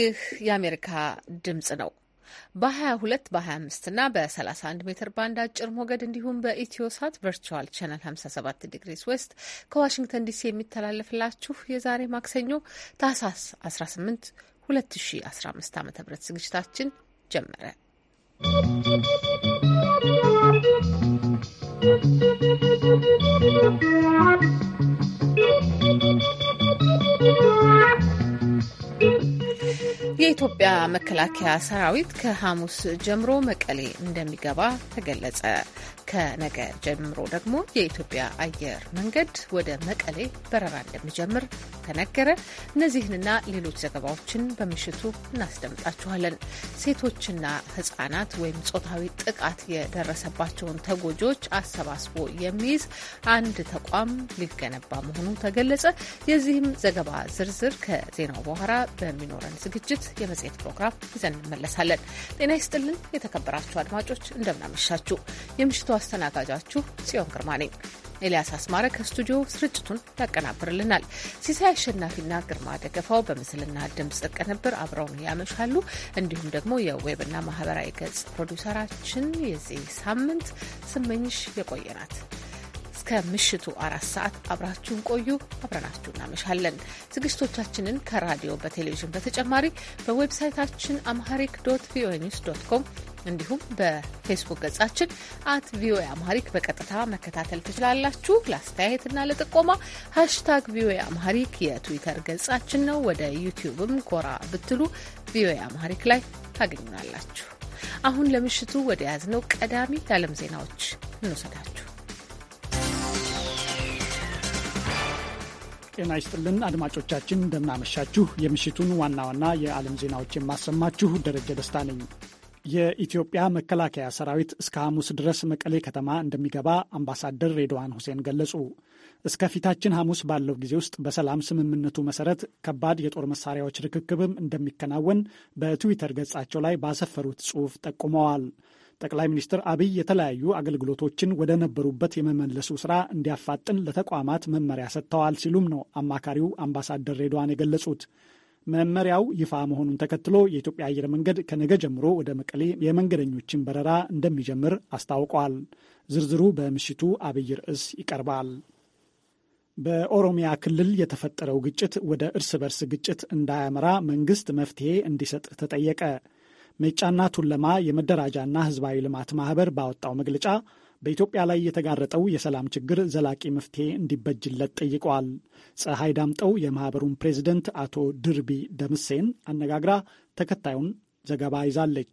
ይህ የአሜሪካ ድምጽ ነው። በ22 በ25 እና በ31 ሜትር ባንድ አጭር ሞገድ እንዲሁም ሳት ቨርቹዋል ቻናል 57 ዲግሪስ ዌስት ከዋሽንግተን ዲሲ የሚተላለፍላችሁ የዛሬ ማክሰኞ ታህሳስ 18 2015 ዓ ም ዝግጅታችን ጀመረ። ¶¶ የኢትዮጵያ መከላከያ ሰራዊት ከሐሙስ ጀምሮ መቀሌ እንደሚገባ ተገለጸ። ከነገ ጀምሮ ደግሞ የኢትዮጵያ አየር መንገድ ወደ መቀሌ በረራ እንደሚጀምር ተነገረ። እነዚህንና ሌሎች ዘገባዎችን በምሽቱ እናስደምጣችኋለን። ሴቶችና ሕጻናት ወይም ጾታዊ ጥቃት የደረሰባቸውን ተጎጂዎች አሰባስቦ የሚይዝ አንድ ተቋም ሊገነባ መሆኑ ተገለጸ። የዚህም ዘገባ ዝርዝር ከዜናው በኋላ በሚኖረን ዝግጅት የመጽሔት ፕሮግራም ይዘን እንመለሳለን። ጤና ይስጥልን የተከበራችሁ አድማጮች እንደምናመሻችሁ የምሽቱ አስተናጋጃችሁ ጽዮን ግርማ ነኝ። ኤልያስ አስማረ ከስቱዲዮ ስርጭቱን ያቀናብርልናል። ሲሳይ አሸናፊና ግርማ ደገፋው በምስልና ድምፅ ቅንብር አብረውን ያመሻሉ። እንዲሁም ደግሞ የዌብና ማህበራዊ ገጽ ፕሮዲውሰራችን የዚህ ሳምንት ስመኝሽ የቆየናት እስከ ምሽቱ አራት ሰዓት አብራችሁን ቆዩ። አብረናችሁ እናመሻለን። ዝግጅቶቻችንን ከራዲዮ በቴሌቪዥን በተጨማሪ በዌብሳይታችን አምሃሪክ ዶት ቪኦኤ ኒውስ ዶት ኮም እንዲሁም በፌስቡክ ገጻችን አት ቪኦኤ አምሃሪክ በቀጥታ መከታተል ትችላላችሁ። ለአስተያየትና ለጥቆማ ሀሽታግ ቪኦኤ አምሃሪክ የትዊተር ገጻችን ነው። ወደ ዩቲዩብም ጎራ ብትሉ ቪኦኤ አምሃሪክ ላይ ታገኙናላችሁ። አሁን ለምሽቱ ወደ ያዝነው ቀዳሚ የዓለም ዜናዎች እንወሰዳችሁ። ጤና ይስጥልን አድማጮቻችን፣ እንደምናመሻችሁ። የምሽቱን ዋና ዋና የዓለም ዜናዎች የማሰማችሁ ደረጀ ደስታ ነኝ። የኢትዮጵያ መከላከያ ሰራዊት እስከ ሐሙስ ድረስ መቀሌ ከተማ እንደሚገባ አምባሳደር ሬድዋን ሁሴን ገለጹ። እስከ ፊታችን ሐሙስ ባለው ጊዜ ውስጥ በሰላም ስምምነቱ መሰረት ከባድ የጦር መሳሪያዎች ርክክብም እንደሚከናወን በትዊተር ገጻቸው ላይ ባሰፈሩት ጽሑፍ ጠቁመዋል። ጠቅላይ ሚኒስትር አብይ የተለያዩ አገልግሎቶችን ወደ ነበሩበት የመመለሱ ስራ እንዲያፋጥን ለተቋማት መመሪያ ሰጥተዋል ሲሉም ነው አማካሪው አምባሳደር ሬድዋን የገለጹት። መመሪያው ይፋ መሆኑን ተከትሎ የኢትዮጵያ አየር መንገድ ከነገ ጀምሮ ወደ መቀሌ የመንገደኞችን በረራ እንደሚጀምር አስታውቋል። ዝርዝሩ በምሽቱ አብይ ርዕስ ይቀርባል። በኦሮሚያ ክልል የተፈጠረው ግጭት ወደ እርስ በርስ ግጭት እንዳያመራ መንግስት መፍትሄ እንዲሰጥ ተጠየቀ። ሜጫና ቱለማ የመደራጃና ህዝባዊ ልማት ማህበር ባወጣው መግለጫ በኢትዮጵያ ላይ የተጋረጠው የሰላም ችግር ዘላቂ መፍትሄ እንዲበጅለት ጠይቀዋል። ፀሐይ ዳምጠው የማህበሩን ፕሬዚደንት አቶ ድርቢ ደምሴን አነጋግራ ተከታዩን ዘገባ ይዛለች።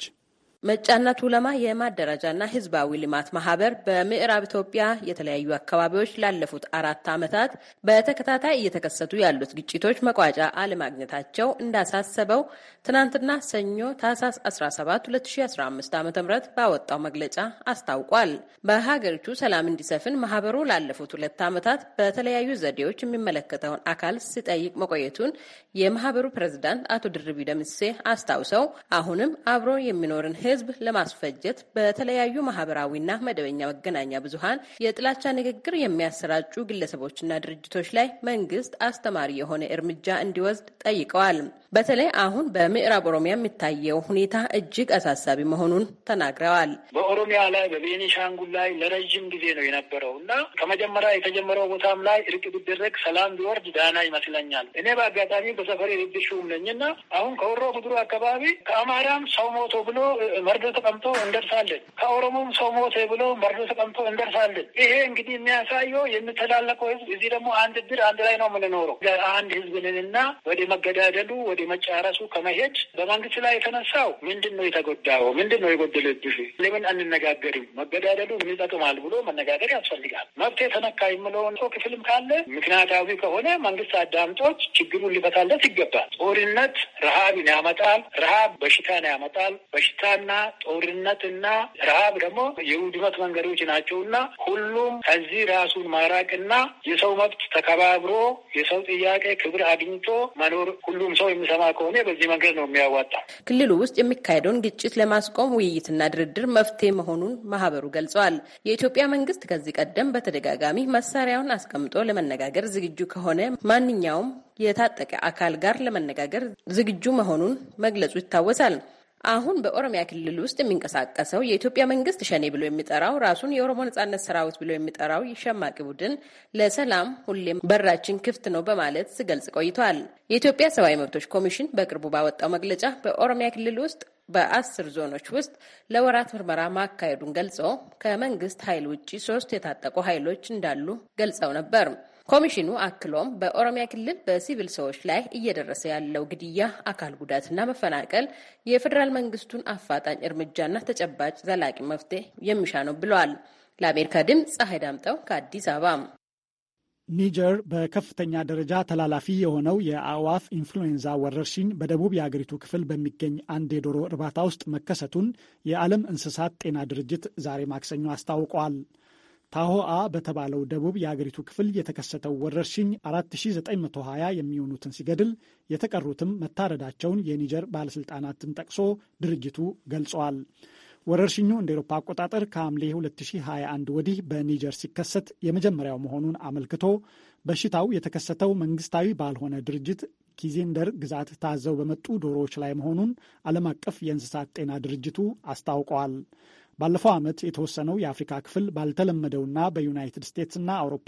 መጫና ቱለማ የማደራጃና ህዝባዊ ልማት ማህበር በምዕራብ ኢትዮጵያ የተለያዩ አካባቢዎች ላለፉት አራት ዓመታት በተከታታይ እየተከሰቱ ያሉት ግጭቶች መቋጫ አለማግኘታቸው እንዳሳሰበው ትናንትና ሰኞ ታህሳስ 17 2015 ዓ ም ባወጣው መግለጫ አስታውቋል። በሀገሪቱ ሰላም እንዲሰፍን ማህበሩ ላለፉት ሁለት ዓመታት በተለያዩ ዘዴዎች የሚመለከተውን አካል ሲጠይቅ መቆየቱን የማህበሩ ፕሬዚዳንት አቶ ድርቢ ደምሴ አስታውሰው አሁንም አብሮ የሚኖርን ህዝብ ለማስፈጀት በተለያዩ ማህበራዊና መደበኛ መገናኛ ብዙሀን የጥላቻ ንግግር የሚያሰራጩ ግለሰቦችና ድርጅቶች ላይ መንግስት አስተማሪ የሆነ እርምጃ እንዲወስድ ጠይቀዋል። በተለይ አሁን በምዕራብ ኦሮሚያ የሚታየው ሁኔታ እጅግ አሳሳቢ መሆኑን ተናግረዋል። በኦሮሚያ ላይ በቤኒሻንጉል ላይ ለረዥም ጊዜ ነው የነበረው እና ከመጀመሪያ የተጀመረው ቦታም ላይ እርቅ ቢደረግ ሰላም ቢወርድ ዳና ይመስለኛል። እኔ በአጋጣሚ በሰፈር ነኝ እና አሁን ከወሮ ጉድሩ አካባቢ ከአማራም ሰው ሞቶ ብሎ መርዶ ተቀምጦ እንደርሳለን። ከኦሮሞም ሰው ሞተ ብሎ መርዶ ተቀምጦ እንደርሳለን። ይሄ እንግዲህ የሚያሳየው የሚተላለቀው ህዝብ እዚህ ደግሞ አንድ ድር አንድ ላይ ነው የምንኖረው። አንድ ህዝብንንና ወደ መገዳደሉ ወደ መጫረሱ ከመሄድ በመንግስት ላይ የተነሳው ምንድን ነው የተጎዳው? ምንድን ነው የጎደለብሽ? ለምን አንነጋገርም? መገዳደሉ ምን ይጠቅማል ብሎ መነጋገር ያስፈልጋል። መብት የተነካ የምለውን ሰው ክፍልም ካለ ምክንያታዊ ከሆነ መንግስት አዳምጦች ችግሩን ሊፈታለት ይገባል። ጦርነት ረሃብን ያመጣል። ረሃብ በሽታን ያመጣል። በሽታን እና ጦርነት እና ረሃብ ደግሞ የውድመት መንገዶች ናቸው እና ሁሉም ከዚህ ራሱን ማራቅ እና የሰው መብት ተከባብሮ የሰው ጥያቄ ክብር አግኝቶ መኖር ሁሉም ሰው የሚሰማ ከሆነ በዚህ መንገድ ነው የሚያዋጣ። ክልሉ ውስጥ የሚካሄደውን ግጭት ለማስቆም ውይይትና ድርድር መፍትሄ መሆኑን ማህበሩ ገልጸዋል። የኢትዮጵያ መንግስት ከዚህ ቀደም በተደጋጋሚ መሳሪያውን አስቀምጦ ለመነጋገር ዝግጁ ከሆነ ማንኛውም የታጠቀ አካል ጋር ለመነጋገር ዝግጁ መሆኑን መግለጹ ይታወሳል። አሁን በኦሮሚያ ክልል ውስጥ የሚንቀሳቀሰው የኢትዮጵያ መንግስት ሸኔ ብሎ የሚጠራው ራሱን የኦሮሞ ነጻነት ሰራዊት ብሎ የሚጠራው ሸማቂ ቡድን ለሰላም ሁሌም በራችን ክፍት ነው በማለት ሲገልጽ ቆይቷል። የኢትዮጵያ ሰብአዊ መብቶች ኮሚሽን በቅርቡ ባወጣው መግለጫ በኦሮሚያ ክልል ውስጥ በአስር ዞኖች ውስጥ ለወራት ምርመራ ማካሄዱን ገልጾ ከመንግስት ኃይል ውጭ ሶስት የታጠቁ ኃይሎች እንዳሉ ገልጸው ነበር። ኮሚሽኑ አክሎም በኦሮሚያ ክልል በሲቪል ሰዎች ላይ እየደረሰ ያለው ግድያ፣ አካል ጉዳትና መፈናቀል የፌዴራል መንግስቱን አፋጣኝ እርምጃና ተጨባጭ ዘላቂ መፍትሄ የሚሻ ነው ብለዋል። ለአሜሪካ ድምፅ ፀሐይ ዳምጠው ከአዲስ አበባ። ኒጀር በከፍተኛ ደረጃ ተላላፊ የሆነው የአዋፍ ኢንፍሉዌንዛ ወረርሽኝ በደቡብ የአገሪቱ ክፍል በሚገኝ አንድ የዶሮ እርባታ ውስጥ መከሰቱን የዓለም እንስሳት ጤና ድርጅት ዛሬ ማክሰኞ አስታውቋል። ታሆአ በተባለው ደቡብ የአገሪቱ ክፍል የተከሰተው ወረርሽኝ 4920 የሚሆኑትን ሲገድል የተቀሩትም መታረዳቸውን የኒጀር ባለሥልጣናትን ጠቅሶ ድርጅቱ ገልጸዋል። ወረርሽኙ እንደ ኤሮፓ አቆጣጠር ከሐምሌ 2021 ወዲህ በኒጀር ሲከሰት የመጀመሪያው መሆኑን አመልክቶ በሽታው የተከሰተው መንግስታዊ ባልሆነ ድርጅት ኪዜንደር ግዛት ታዘው በመጡ ዶሮዎች ላይ መሆኑን ዓለም አቀፍ የእንስሳት ጤና ድርጅቱ አስታውቀዋል። ባለፈው ዓመት የተወሰነው የአፍሪካ ክፍል ባልተለመደውና በዩናይትድ ስቴትስና አውሮፓ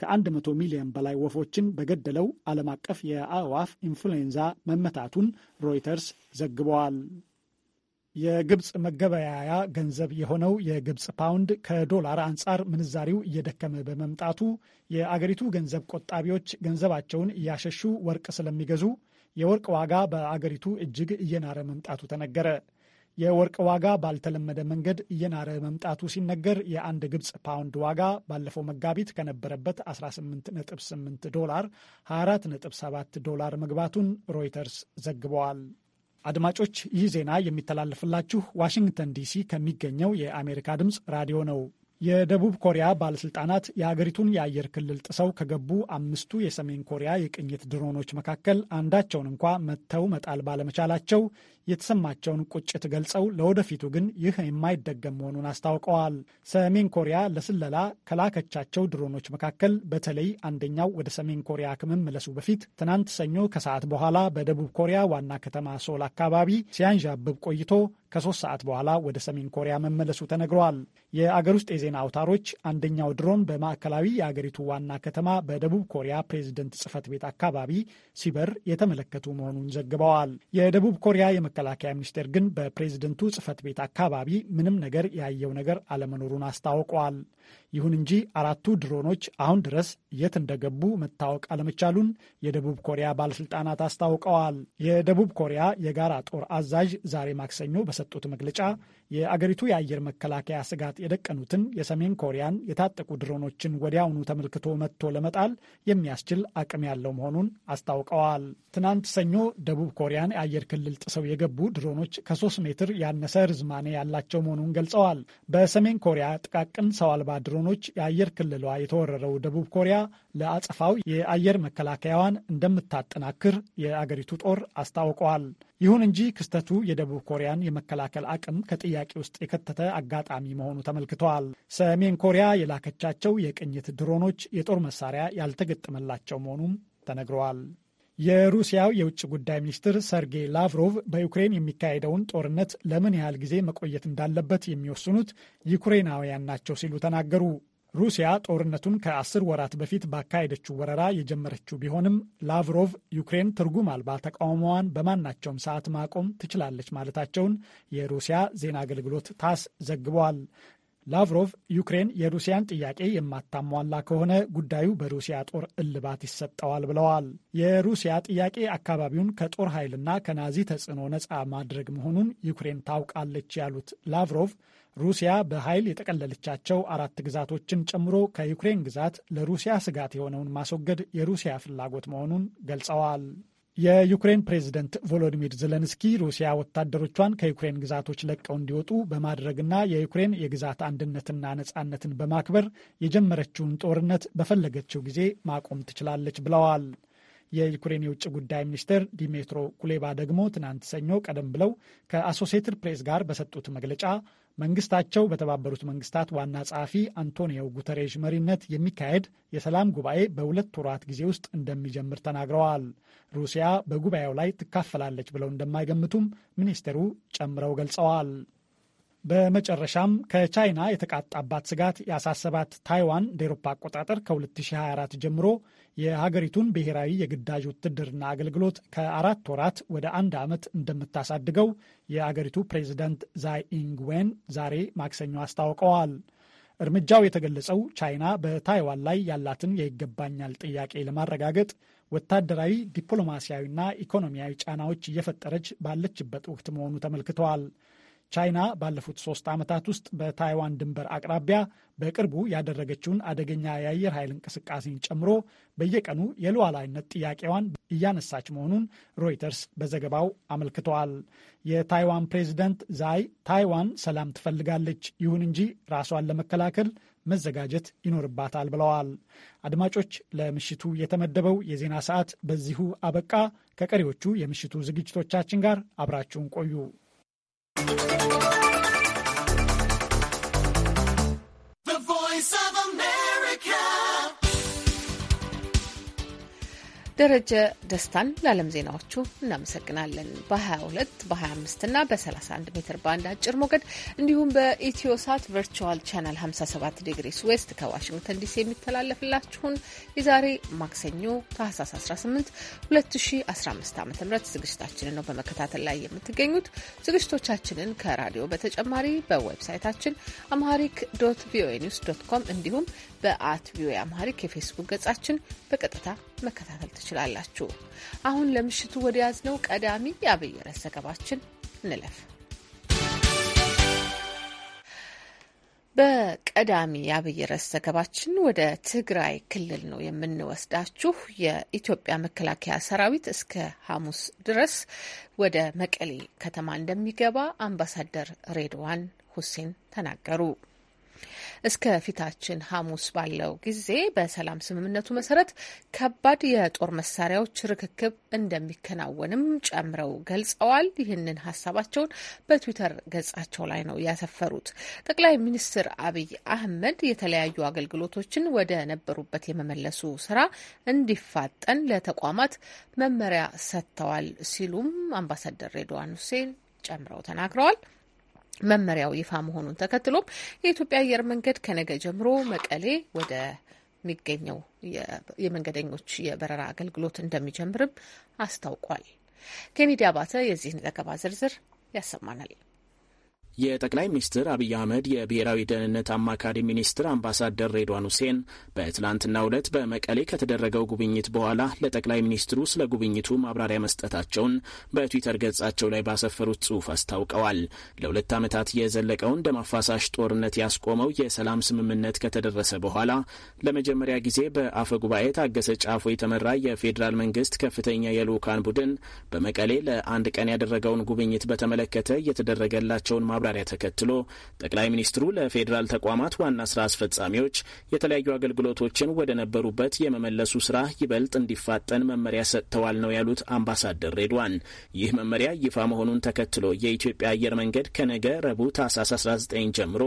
ከ100 ሚሊዮን በላይ ወፎችን በገደለው ዓለም አቀፍ የአዕዋፍ ኢንፍሉዌንዛ መመታቱን ሮይተርስ ዘግበዋል። የግብፅ መገበያያ ገንዘብ የሆነው የግብፅ ፓውንድ ከዶላር አንጻር ምንዛሪው እየደከመ በመምጣቱ የአገሪቱ ገንዘብ ቆጣቢዎች ገንዘባቸውን እያሸሹ ወርቅ ስለሚገዙ የወርቅ ዋጋ በአገሪቱ እጅግ እየናረ መምጣቱ ተነገረ። የወርቅ ዋጋ ባልተለመደ መንገድ እየናረ መምጣቱ ሲነገር የአንድ ግብፅ ፓውንድ ዋጋ ባለፈው መጋቢት ከነበረበት 188 ዶላር 247 ዶላር መግባቱን ሮይተርስ ዘግበዋል። አድማጮች ይህ ዜና የሚተላለፍላችሁ ዋሽንግተን ዲሲ ከሚገኘው የአሜሪካ ድምፅ ራዲዮ ነው። የደቡብ ኮሪያ ባለስልጣናት የአገሪቱን የአየር ክልል ጥሰው ከገቡ አምስቱ የሰሜን ኮሪያ የቅኝት ድሮኖች መካከል አንዳቸውን እንኳ መጥተው መጣል ባለመቻላቸው የተሰማቸውን ቁጭት ገልጸው ለወደፊቱ ግን ይህ የማይደገም መሆኑን አስታውቀዋል። ሰሜን ኮሪያ ለስለላ ከላከቻቸው ድሮኖች መካከል በተለይ አንደኛው ወደ ሰሜን ኮሪያ ከመመለሱ በፊት ትናንት ሰኞ ከሰዓት በኋላ በደቡብ ኮሪያ ዋና ከተማ ሶል አካባቢ ሲያንዣብብ ቆይቶ ከሶስት ሰዓት በኋላ ወደ ሰሜን ኮሪያ መመለሱ ተነግረዋል። የአገር ውስጥ የዜና አውታሮች አንደኛው ድሮን በማዕከላዊ የአገሪቱ ዋና ከተማ በደቡብ ኮሪያ ፕሬዝደንት ጽህፈት ቤት አካባቢ ሲበር የተመለከቱ መሆኑን ዘግበዋል። የደቡብ ኮሪያ የመከላከያ ሚኒስቴር ግን በፕሬዝደንቱ ጽህፈት ቤት አካባቢ ምንም ነገር ያየው ነገር አለመኖሩን አስታውቋል። ይሁን እንጂ አራቱ ድሮኖች አሁን ድረስ የት እንደገቡ መታወቅ አለመቻሉን የደቡብ ኮሪያ ባለስልጣናት አስታውቀዋል። የደቡብ ኮሪያ የጋራ ጦር አዛዥ ዛሬ ማክሰኞ በሰጡት መግለጫ የአገሪቱ የአየር መከላከያ ስጋት የደቀኑትን የሰሜን ኮሪያን የታጠቁ ድሮኖችን ወዲያውኑ ተመልክቶ መጥቶ ለመጣል የሚያስችል አቅም ያለው መሆኑን አስታውቀዋል። ትናንት ሰኞ ደቡብ ኮሪያን የአየር ክልል ጥሰው የገቡ ድሮኖች ከ3 ሜትር ያነሰ ርዝማኔ ያላቸው መሆኑን ገልጸዋል። በሰሜን ኮሪያ ጥቃቅን ሰው አልባ ድሮኖች የአየር ክልሏ የተወረረው ደቡብ ኮሪያ ለአጸፋው የአየር መከላከያዋን እንደምታጠናክር የአገሪቱ ጦር አስታውቀዋል። ይሁን እንጂ ክስተቱ የደቡብ ኮሪያን የመከላከል አቅም ከጥያቄ ውስጥ የከተተ አጋጣሚ መሆኑ ተመልክተዋል። ሰሜን ኮሪያ የላከቻቸው የቅኝት ድሮኖች የጦር መሳሪያ ያልተገጠመላቸው መሆኑም ተነግረዋል። የሩሲያው የውጭ ጉዳይ ሚኒስትር ሰርጌይ ላቭሮቭ በዩክሬን የሚካሄደውን ጦርነት ለምን ያህል ጊዜ መቆየት እንዳለበት የሚወስኑት ዩክሬናውያን ናቸው ሲሉ ተናገሩ። ሩሲያ ጦርነቱን ከአስር ወራት በፊት ባካሄደችው ወረራ የጀመረችው ቢሆንም ላቭሮቭ ዩክሬን ትርጉም አልባ ተቃውሞዋን በማናቸውም ሰዓት ማቆም ትችላለች ማለታቸውን የሩሲያ ዜና አገልግሎት ታስ ዘግበዋል። ላቭሮቭ ዩክሬን የሩሲያን ጥያቄ የማታሟላ ከሆነ ጉዳዩ በሩሲያ ጦር እልባት ይሰጠዋል ብለዋል። የሩሲያ ጥያቄ አካባቢውን ከጦር ኃይልና ከናዚ ተጽዕኖ ነፃ ማድረግ መሆኑን ዩክሬን ታውቃለች ያሉት ላቭሮቭ ሩሲያ በኃይል የጠቀለለቻቸው አራት ግዛቶችን ጨምሮ ከዩክሬን ግዛት ለሩሲያ ስጋት የሆነውን ማስወገድ የሩሲያ ፍላጎት መሆኑን ገልጸዋል። የዩክሬን ፕሬዝደንት ቮሎዲሚር ዘለንስኪ ሩሲያ ወታደሮቿን ከዩክሬን ግዛቶች ለቀው እንዲወጡ በማድረግና የዩክሬን የግዛት አንድነትና ነጻነትን በማክበር የጀመረችውን ጦርነት በፈለገችው ጊዜ ማቆም ትችላለች ብለዋል። የዩክሬን የውጭ ጉዳይ ሚኒስትር ዲሜትሮ ኩሌባ ደግሞ ትናንት ሰኞ ቀደም ብለው ከአሶሲየትድ ፕሬስ ጋር በሰጡት መግለጫ መንግስታቸው በተባበሩት መንግስታት ዋና ጸሐፊ አንቶኒዮ ጉተሬዥ መሪነት የሚካሄድ የሰላም ጉባኤ በሁለት ወራት ጊዜ ውስጥ እንደሚጀምር ተናግረዋል። ሩሲያ በጉባኤው ላይ ትካፈላለች ብለው እንደማይገምቱም ሚኒስቴሩ ጨምረው ገልጸዋል። በመጨረሻም ከቻይና የተቃጣባት ስጋት ያሳሰባት ታይዋን እንደ ኤሮፓ አቆጣጠር ከ2024 ጀምሮ የሀገሪቱን ብሔራዊ የግዳጅ ውትድርና አገልግሎት ከአራት ወራት ወደ አንድ ዓመት እንደምታሳድገው የአገሪቱ ፕሬዚደንት ዛይኢንግ ዌን ዛሬ ማክሰኞ አስታውቀዋል። እርምጃው የተገለጸው ቻይና በታይዋን ላይ ያላትን የይገባኛል ጥያቄ ለማረጋገጥ ወታደራዊ፣ ዲፕሎማሲያዊና ኢኮኖሚያዊ ጫናዎች እየፈጠረች ባለችበት ወቅት መሆኑ ተመልክተዋል። ቻይና ባለፉት ሶስት ዓመታት ውስጥ በታይዋን ድንበር አቅራቢያ በቅርቡ ያደረገችውን አደገኛ የአየር ኃይል እንቅስቃሴን ጨምሮ በየቀኑ የሉዓላዊነት ጥያቄዋን እያነሳች መሆኑን ሮይተርስ በዘገባው አመልክተዋል። የታይዋን ፕሬዚደንት ዛይ ታይዋን ሰላም ትፈልጋለች፣ ይሁን እንጂ ራሷን ለመከላከል መዘጋጀት ይኖርባታል ብለዋል። አድማጮች፣ ለምሽቱ የተመደበው የዜና ሰዓት በዚሁ አበቃ። ከቀሪዎቹ የምሽቱ ዝግጅቶቻችን ጋር አብራችሁን ቆዩ። Thank you. ደረጀ ደስታን ለዓለም ዜናዎቹ እናመሰግናለን። በ22 በ25 እና በ31 ሜትር ባንድ አጭር ሞገድ እንዲሁም በኢትዮሳት ቨርቹዋል ቻናል 57 ዲግሪስ ዌስት ከዋሽንግተን ዲሲ የሚተላለፍላችሁን የዛሬ ማክሰኞ ታህሳስ 18 2015 ዓ ም ዝግጅታችንን ነው በመከታተል ላይ የምትገኙት። ዝግጅቶቻችንን ከራዲዮ በተጨማሪ በዌብሳይታችን አምሃሪክ ዶት ቪኦኤ ኒውስ ዶት ኮም እንዲሁም በአት ቪኦኤ አምሃሪክ የፌስቡክ ገጻችን በቀጥታ መከታተል ትችላላችሁ። አሁን ለምሽቱ ወደ ያዝነው ቀዳሚ የአብይ ርዕስ ዘገባችን እንለፍ። በቀዳሚ የአብይ ርዕስ ዘገባችን ወደ ትግራይ ክልል ነው የምንወስዳችሁ። የኢትዮጵያ መከላከያ ሰራዊት እስከ ሐሙስ ድረስ ወደ መቀሌ ከተማ እንደሚገባ አምባሳደር ሬድዋን ሁሴን ተናገሩ። እስከ ፊታችን ሐሙስ ባለው ጊዜ በሰላም ስምምነቱ መሰረት ከባድ የጦር መሳሪያዎች ርክክብ እንደሚከናወንም ጨምረው ገልጸዋል። ይህንን ሀሳባቸውን በትዊተር ገጻቸው ላይ ነው ያሰፈሩት። ጠቅላይ ሚኒስትር አብይ አህመድ የተለያዩ አገልግሎቶችን ወደ ነበሩበት የመመለሱ ስራ እንዲፋጠን ለተቋማት መመሪያ ሰጥተዋል ሲሉም አምባሳደር ሬድዋን ሁሴን ጨምረው ተናግረዋል። መመሪያው ይፋ መሆኑን ተከትሎም የኢትዮጵያ አየር መንገድ ከነገ ጀምሮ መቀሌ ወደ የሚገኘው የመንገደኞች የበረራ አገልግሎት እንደሚጀምርም አስታውቋል። ኬኔዲ አባተ የዚህን ዘገባ ዝርዝር ያሰማናል። የጠቅላይ ሚኒስትር አብይ አህመድ የብሔራዊ ደህንነት አማካሪ ሚኒስትር አምባሳደር ሬድዋን ሁሴን በትናንትናው ዕለት በመቀሌ ከተደረገው ጉብኝት በኋላ ለጠቅላይ ሚኒስትሩ ስለ ጉብኝቱ ማብራሪያ መስጠታቸውን በትዊተር ገጻቸው ላይ ባሰፈሩት ጽሑፍ አስታውቀዋል። ለሁለት ዓመታት የዘለቀውን ደም አፋሳሽ ጦርነት ያስቆመው የሰላም ስምምነት ከተደረሰ በኋላ ለመጀመሪያ ጊዜ በአፈ ጉባኤ ታገሰ ጫፎ የተመራ የፌዴራል መንግስት ከፍተኛ የልዑካን ቡድን በመቀሌ ለአንድ ቀን ያደረገውን ጉብኝት በተመለከተ እየተደረገላቸውን ማብራሪያ ማብራሪያ ተከትሎ ጠቅላይ ሚኒስትሩ ለፌዴራል ተቋማት ዋና ስራ አስፈጻሚዎች የተለያዩ አገልግሎቶችን ወደ ነበሩበት የመመለሱ ስራ ይበልጥ እንዲፋጠን መመሪያ ሰጥተዋል ነው ያሉት አምባሳደር ሬድዋን። ይህ መመሪያ ይፋ መሆኑን ተከትሎ የኢትዮጵያ አየር መንገድ ከነገ ረቡዕ ታህሳስ 19 ጀምሮ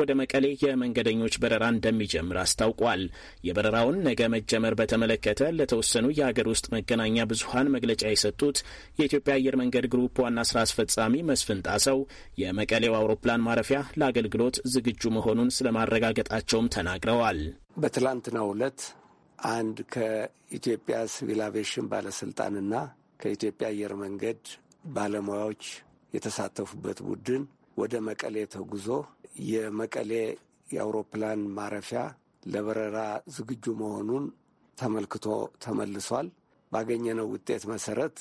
ወደ መቀሌ የመንገደኞች በረራ እንደሚጀምር አስታውቋል። የበረራውን ነገ መጀመር በተመለከተ ለተወሰኑ የሀገር ውስጥ መገናኛ ብዙሀን መግለጫ የሰጡት የኢትዮጵያ አየር መንገድ ግሩፕ ዋና ስራ አስፈጻሚ መስፍን ጣሰው የመቀ መቀሌው አውሮፕላን ማረፊያ ለአገልግሎት ዝግጁ መሆኑን ስለማረጋገጣቸውም ተናግረዋል። በትላንትናው ዕለት አንድ ከኢትዮጵያ ሲቪል አቪዬሽን ባለስልጣንና ከኢትዮጵያ አየር መንገድ ባለሙያዎች የተሳተፉበት ቡድን ወደ መቀሌ ተጉዞ የመቀሌ የአውሮፕላን ማረፊያ ለበረራ ዝግጁ መሆኑን ተመልክቶ ተመልሷል። ባገኘነው ውጤት መሰረት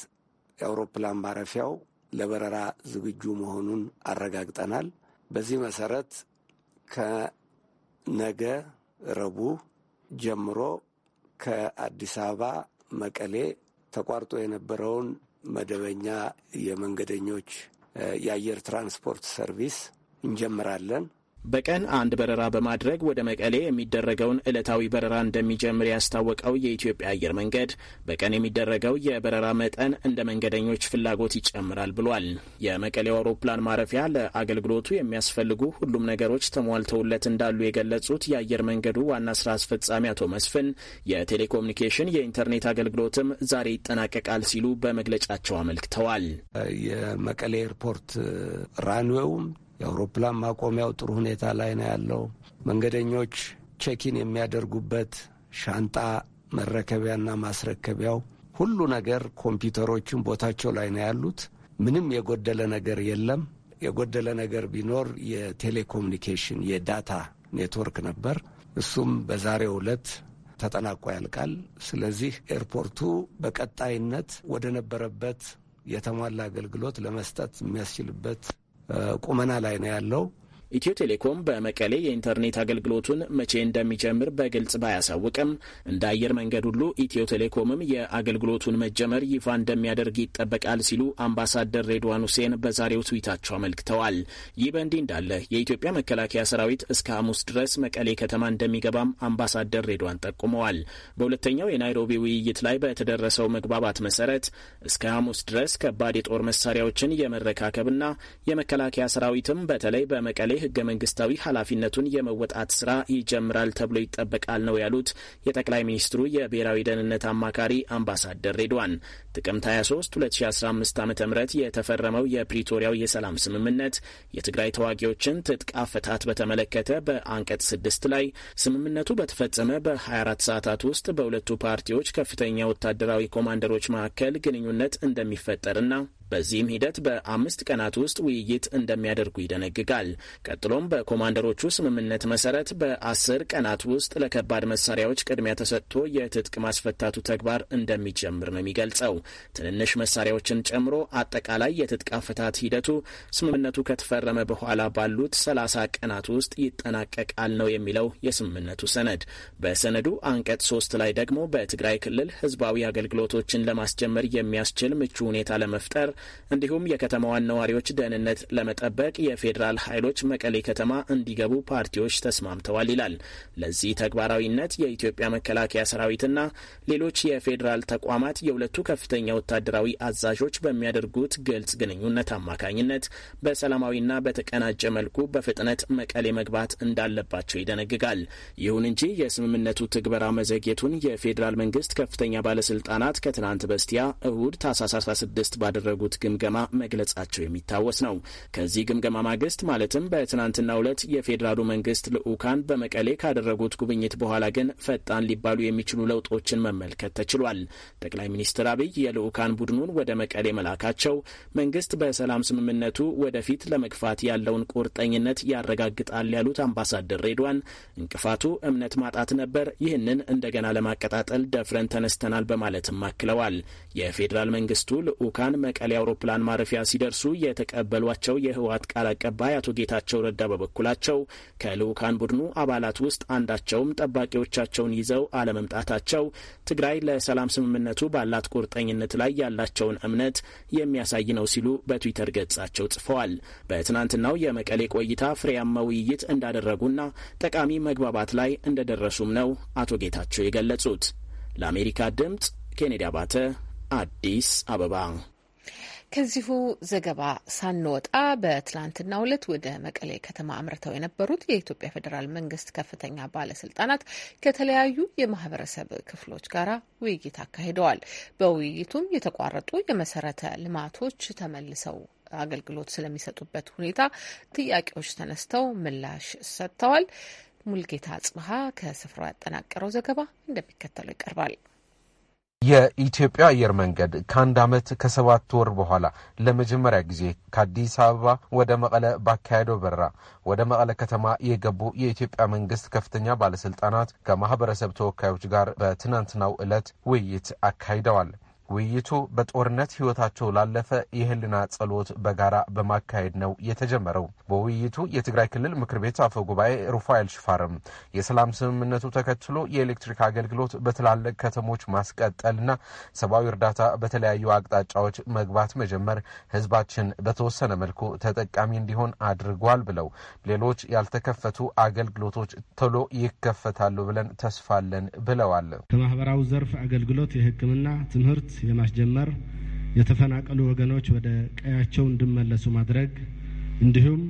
የአውሮፕላን ማረፊያው ለበረራ ዝግጁ መሆኑን አረጋግጠናል። በዚህ መሰረት ከነገ ረቡዕ ጀምሮ ከአዲስ አበባ መቀሌ ተቋርጦ የነበረውን መደበኛ የመንገደኞች የአየር ትራንስፖርት ሰርቪስ እንጀምራለን። በቀን አንድ በረራ በማድረግ ወደ መቀሌ የሚደረገውን ዕለታዊ በረራ እንደሚጀምር ያስታወቀው የኢትዮጵያ አየር መንገድ በቀን የሚደረገው የበረራ መጠን እንደ መንገደኞች ፍላጎት ይጨምራል ብሏል። የመቀሌው አውሮፕላን ማረፊያ ለአገልግሎቱ የሚያስፈልጉ ሁሉም ነገሮች ተሟልተውለት እንዳሉ የገለጹት የአየር መንገዱ ዋና ስራ አስፈጻሚ አቶ መስፍን የቴሌኮሙኒኬሽን የኢንተርኔት አገልግሎትም ዛሬ ይጠናቀቃል ሲሉ በመግለጫቸው አመልክተዋል። የመቀሌ ኤርፖርት ራንዌውም የአውሮፕላን ማቆሚያው ጥሩ ሁኔታ ላይ ነው ያለው። መንገደኞች ቼኪን የሚያደርጉበት ሻንጣ መረከቢያና ማስረከቢያው ሁሉ ነገር ኮምፒውተሮችን ቦታቸው ላይ ነው ያሉት። ምንም የጎደለ ነገር የለም። የጎደለ ነገር ቢኖር የቴሌኮሙኒኬሽን የዳታ ኔትወርክ ነበር። እሱም በዛሬው ዕለት ተጠናቆ ያልቃል። ስለዚህ ኤርፖርቱ በቀጣይነት ወደ ነበረበት የተሟላ አገልግሎት ለመስጠት የሚያስችልበት ቁመና ላይ ነው ያለው። ኢትዮ ቴሌኮም በመቀሌ የኢንተርኔት አገልግሎቱን መቼ እንደሚጀምር በግልጽ ባያሳውቅም እንደ አየር መንገድ ሁሉ ኢትዮ ቴሌኮምም የአገልግሎቱን መጀመር ይፋ እንደሚያደርግ ይጠበቃል ሲሉ አምባሳደር ሬድዋን ሁሴን በዛሬው ትዊታቸው አመልክተዋል። ይህ በእንዲህ እንዳለ የኢትዮጵያ መከላከያ ሰራዊት እስከ ሐሙስ ድረስ መቀሌ ከተማ እንደሚገባም አምባሳደር ሬድዋን ጠቁመዋል። በሁለተኛው የናይሮቢ ውይይት ላይ በተደረሰው መግባባት መሰረት እስከ ሐሙስ ድረስ ከባድ የጦር መሳሪያዎችን የመረካከብና የመከላከያ ሰራዊትም በተለይ በመቀሌ ህገ መንግስታዊ ኃላፊነቱን የመወጣት ስራ ይጀምራል ተብሎ ይጠበቃል ነው ያሉት የጠቅላይ ሚኒስትሩ የብሔራዊ ደህንነት አማካሪ አምባሳደር ሬድዋን ጥቅምት 23 2015 ዓ ም የተፈረመው የፕሪቶሪያው የሰላም ስምምነት የትግራይ ተዋጊዎችን ትጥቅ አፈታት በተመለከተ በአንቀጽ 6 ላይ ስምምነቱ በተፈጸመ በ24 ሰዓታት ውስጥ በሁለቱ ፓርቲዎች ከፍተኛ ወታደራዊ ኮማንደሮች መካከል ግንኙነት እንደሚፈጠርና በዚህም ሂደት በአምስት ቀናት ውስጥ ውይይት እንደሚያደርጉ ይደነግጋል። ቀጥሎም በኮማንደሮቹ ስምምነት መሰረት በአስር ቀናት ውስጥ ለከባድ መሳሪያዎች ቅድሚያ ተሰጥቶ የትጥቅ ማስፈታቱ ተግባር እንደሚጀምር ነው የሚገልጸው። ትንንሽ መሳሪያዎችን ጨምሮ አጠቃላይ የትጥቅ አፈታት ሂደቱ ስምምነቱ ከተፈረመ በኋላ ባሉት ሰላሳ ቀናት ውስጥ ይጠናቀቃል ነው የሚለው የስምምነቱ ሰነድ። በሰነዱ አንቀጽ ሶስት ላይ ደግሞ በትግራይ ክልል ህዝባዊ አገልግሎቶችን ለማስጀመር የሚያስችል ምቹ ሁኔታ ለመፍጠር እንዲሁም የከተማዋን ነዋሪዎች ደህንነት ለመጠበቅ የፌዴራል ኃይሎች መቀሌ ከተማ እንዲገቡ ፓርቲዎች ተስማምተዋል ይላል። ለዚህ ተግባራዊነት የኢትዮጵያ መከላከያ ሰራዊትና ሌሎች የፌዴራል ተቋማት የሁለቱ ከፍተኛ ወታደራዊ አዛዦች በሚያደርጉት ግልጽ ግንኙነት አማካኝነት በሰላማዊና በተቀናጀ መልኩ በፍጥነት መቀሌ መግባት እንዳለባቸው ይደነግጋል። ይሁን እንጂ የስምምነቱ ትግበራ መዘግየቱን የፌዴራል መንግስት ከፍተኛ ባለስልጣናት ከትናንት በስቲያ እሁድ ታህሳስ 16 ባደረጉ ባደረጉት ግምገማ መግለጻቸው የሚታወስ ነው። ከዚህ ግምገማ ማግስት ማለትም በትናንትናው ዕለት የፌዴራሉ መንግስት ልዑካን በመቀሌ ካደረጉት ጉብኝት በኋላ ግን ፈጣን ሊባሉ የሚችሉ ለውጦችን መመልከት ተችሏል። ጠቅላይ ሚኒስትር አብይ የልዑካን ቡድኑን ወደ መቀሌ መላካቸው መንግስት በሰላም ስምምነቱ ወደፊት ለመግፋት ያለውን ቁርጠኝነት ያረጋግጣል ያሉት አምባሳደር ሬድዋን እንቅፋቱ እምነት ማጣት ነበር፣ ይህንን እንደገና ለማቀጣጠል ደፍረን ተነስተናል በማለትም አክለዋል። የፌዴራል መንግስቱ ልዑካን መቀሌ አውሮፕላን ማረፊያ ሲደርሱ የተቀበሏቸው የህወሀት ቃል አቀባይ አቶ ጌታቸው ረዳ በበኩላቸው ከልዑካን ቡድኑ አባላት ውስጥ አንዳቸውም ጠባቂዎቻቸውን ይዘው አለመምጣታቸው ትግራይ ለሰላም ስምምነቱ ባላት ቁርጠኝነት ላይ ያላቸውን እምነት የሚያሳይ ነው ሲሉ በትዊተር ገጻቸው ጽፈዋል። በትናንትናው የመቀሌ ቆይታ ፍሬያማ ውይይት እንዳደረጉና ጠቃሚ መግባባት ላይ እንደደረሱም ነው አቶ ጌታቸው የገለጹት። ለአሜሪካ ድምጽ ኬኔዲ አባተ አዲስ አበባ ከዚሁ ዘገባ ሳንወጣ በትላንትናው ዕለት ወደ መቀሌ ከተማ አምርተው የነበሩት የኢትዮጵያ ፌዴራል መንግስት ከፍተኛ ባለስልጣናት ከተለያዩ የማህበረሰብ ክፍሎች ጋር ውይይት አካሂደዋል። በውይይቱም የተቋረጡ የመሰረተ ልማቶች ተመልሰው አገልግሎት ስለሚሰጡበት ሁኔታ ጥያቄዎች ተነስተው ምላሽ ሰጥተዋል። ሙልጌታ አጽብሀ ከስፍራው ያጠናቀረው ዘገባ እንደሚከተለው ይቀርባል። የኢትዮጵያ አየር መንገድ ከአንድ ዓመት ከሰባት ወር በኋላ ለመጀመሪያ ጊዜ ከአዲስ አበባ ወደ መቀለ ባካሄደው በረራ ወደ መቀለ ከተማ የገቡ የኢትዮጵያ መንግስት ከፍተኛ ባለስልጣናት ከማህበረሰብ ተወካዮች ጋር በትናንትናው ዕለት ውይይት አካሂደዋል። ውይይቱ በጦርነት ህይወታቸው ላለፈ የህልና ጸሎት በጋራ በማካሄድ ነው የተጀመረው። በውይይቱ የትግራይ ክልል ምክር ቤት አፈ ጉባኤ ሩፋኤል ሽፋርም የሰላም ስምምነቱ ተከትሎ የኤሌክትሪክ አገልግሎት በትላልቅ ከተሞች ማስቀጠልና ሰብአዊ እርዳታ በተለያዩ አቅጣጫዎች መግባት መጀመር ህዝባችን በተወሰነ መልኩ ተጠቃሚ እንዲሆን አድርጓል ብለው ሌሎች ያልተከፈቱ አገልግሎቶች ቶሎ ይከፈታሉ ብለን ተስፋለን ብለዋል። ከማህበራዊ ዘርፍ አገልግሎት የህክምና ትምህርት የማስጀመር የተፈናቀሉ ወገኖች ወደ ቀያቸው እንዲመለሱ ማድረግ እንዲሁም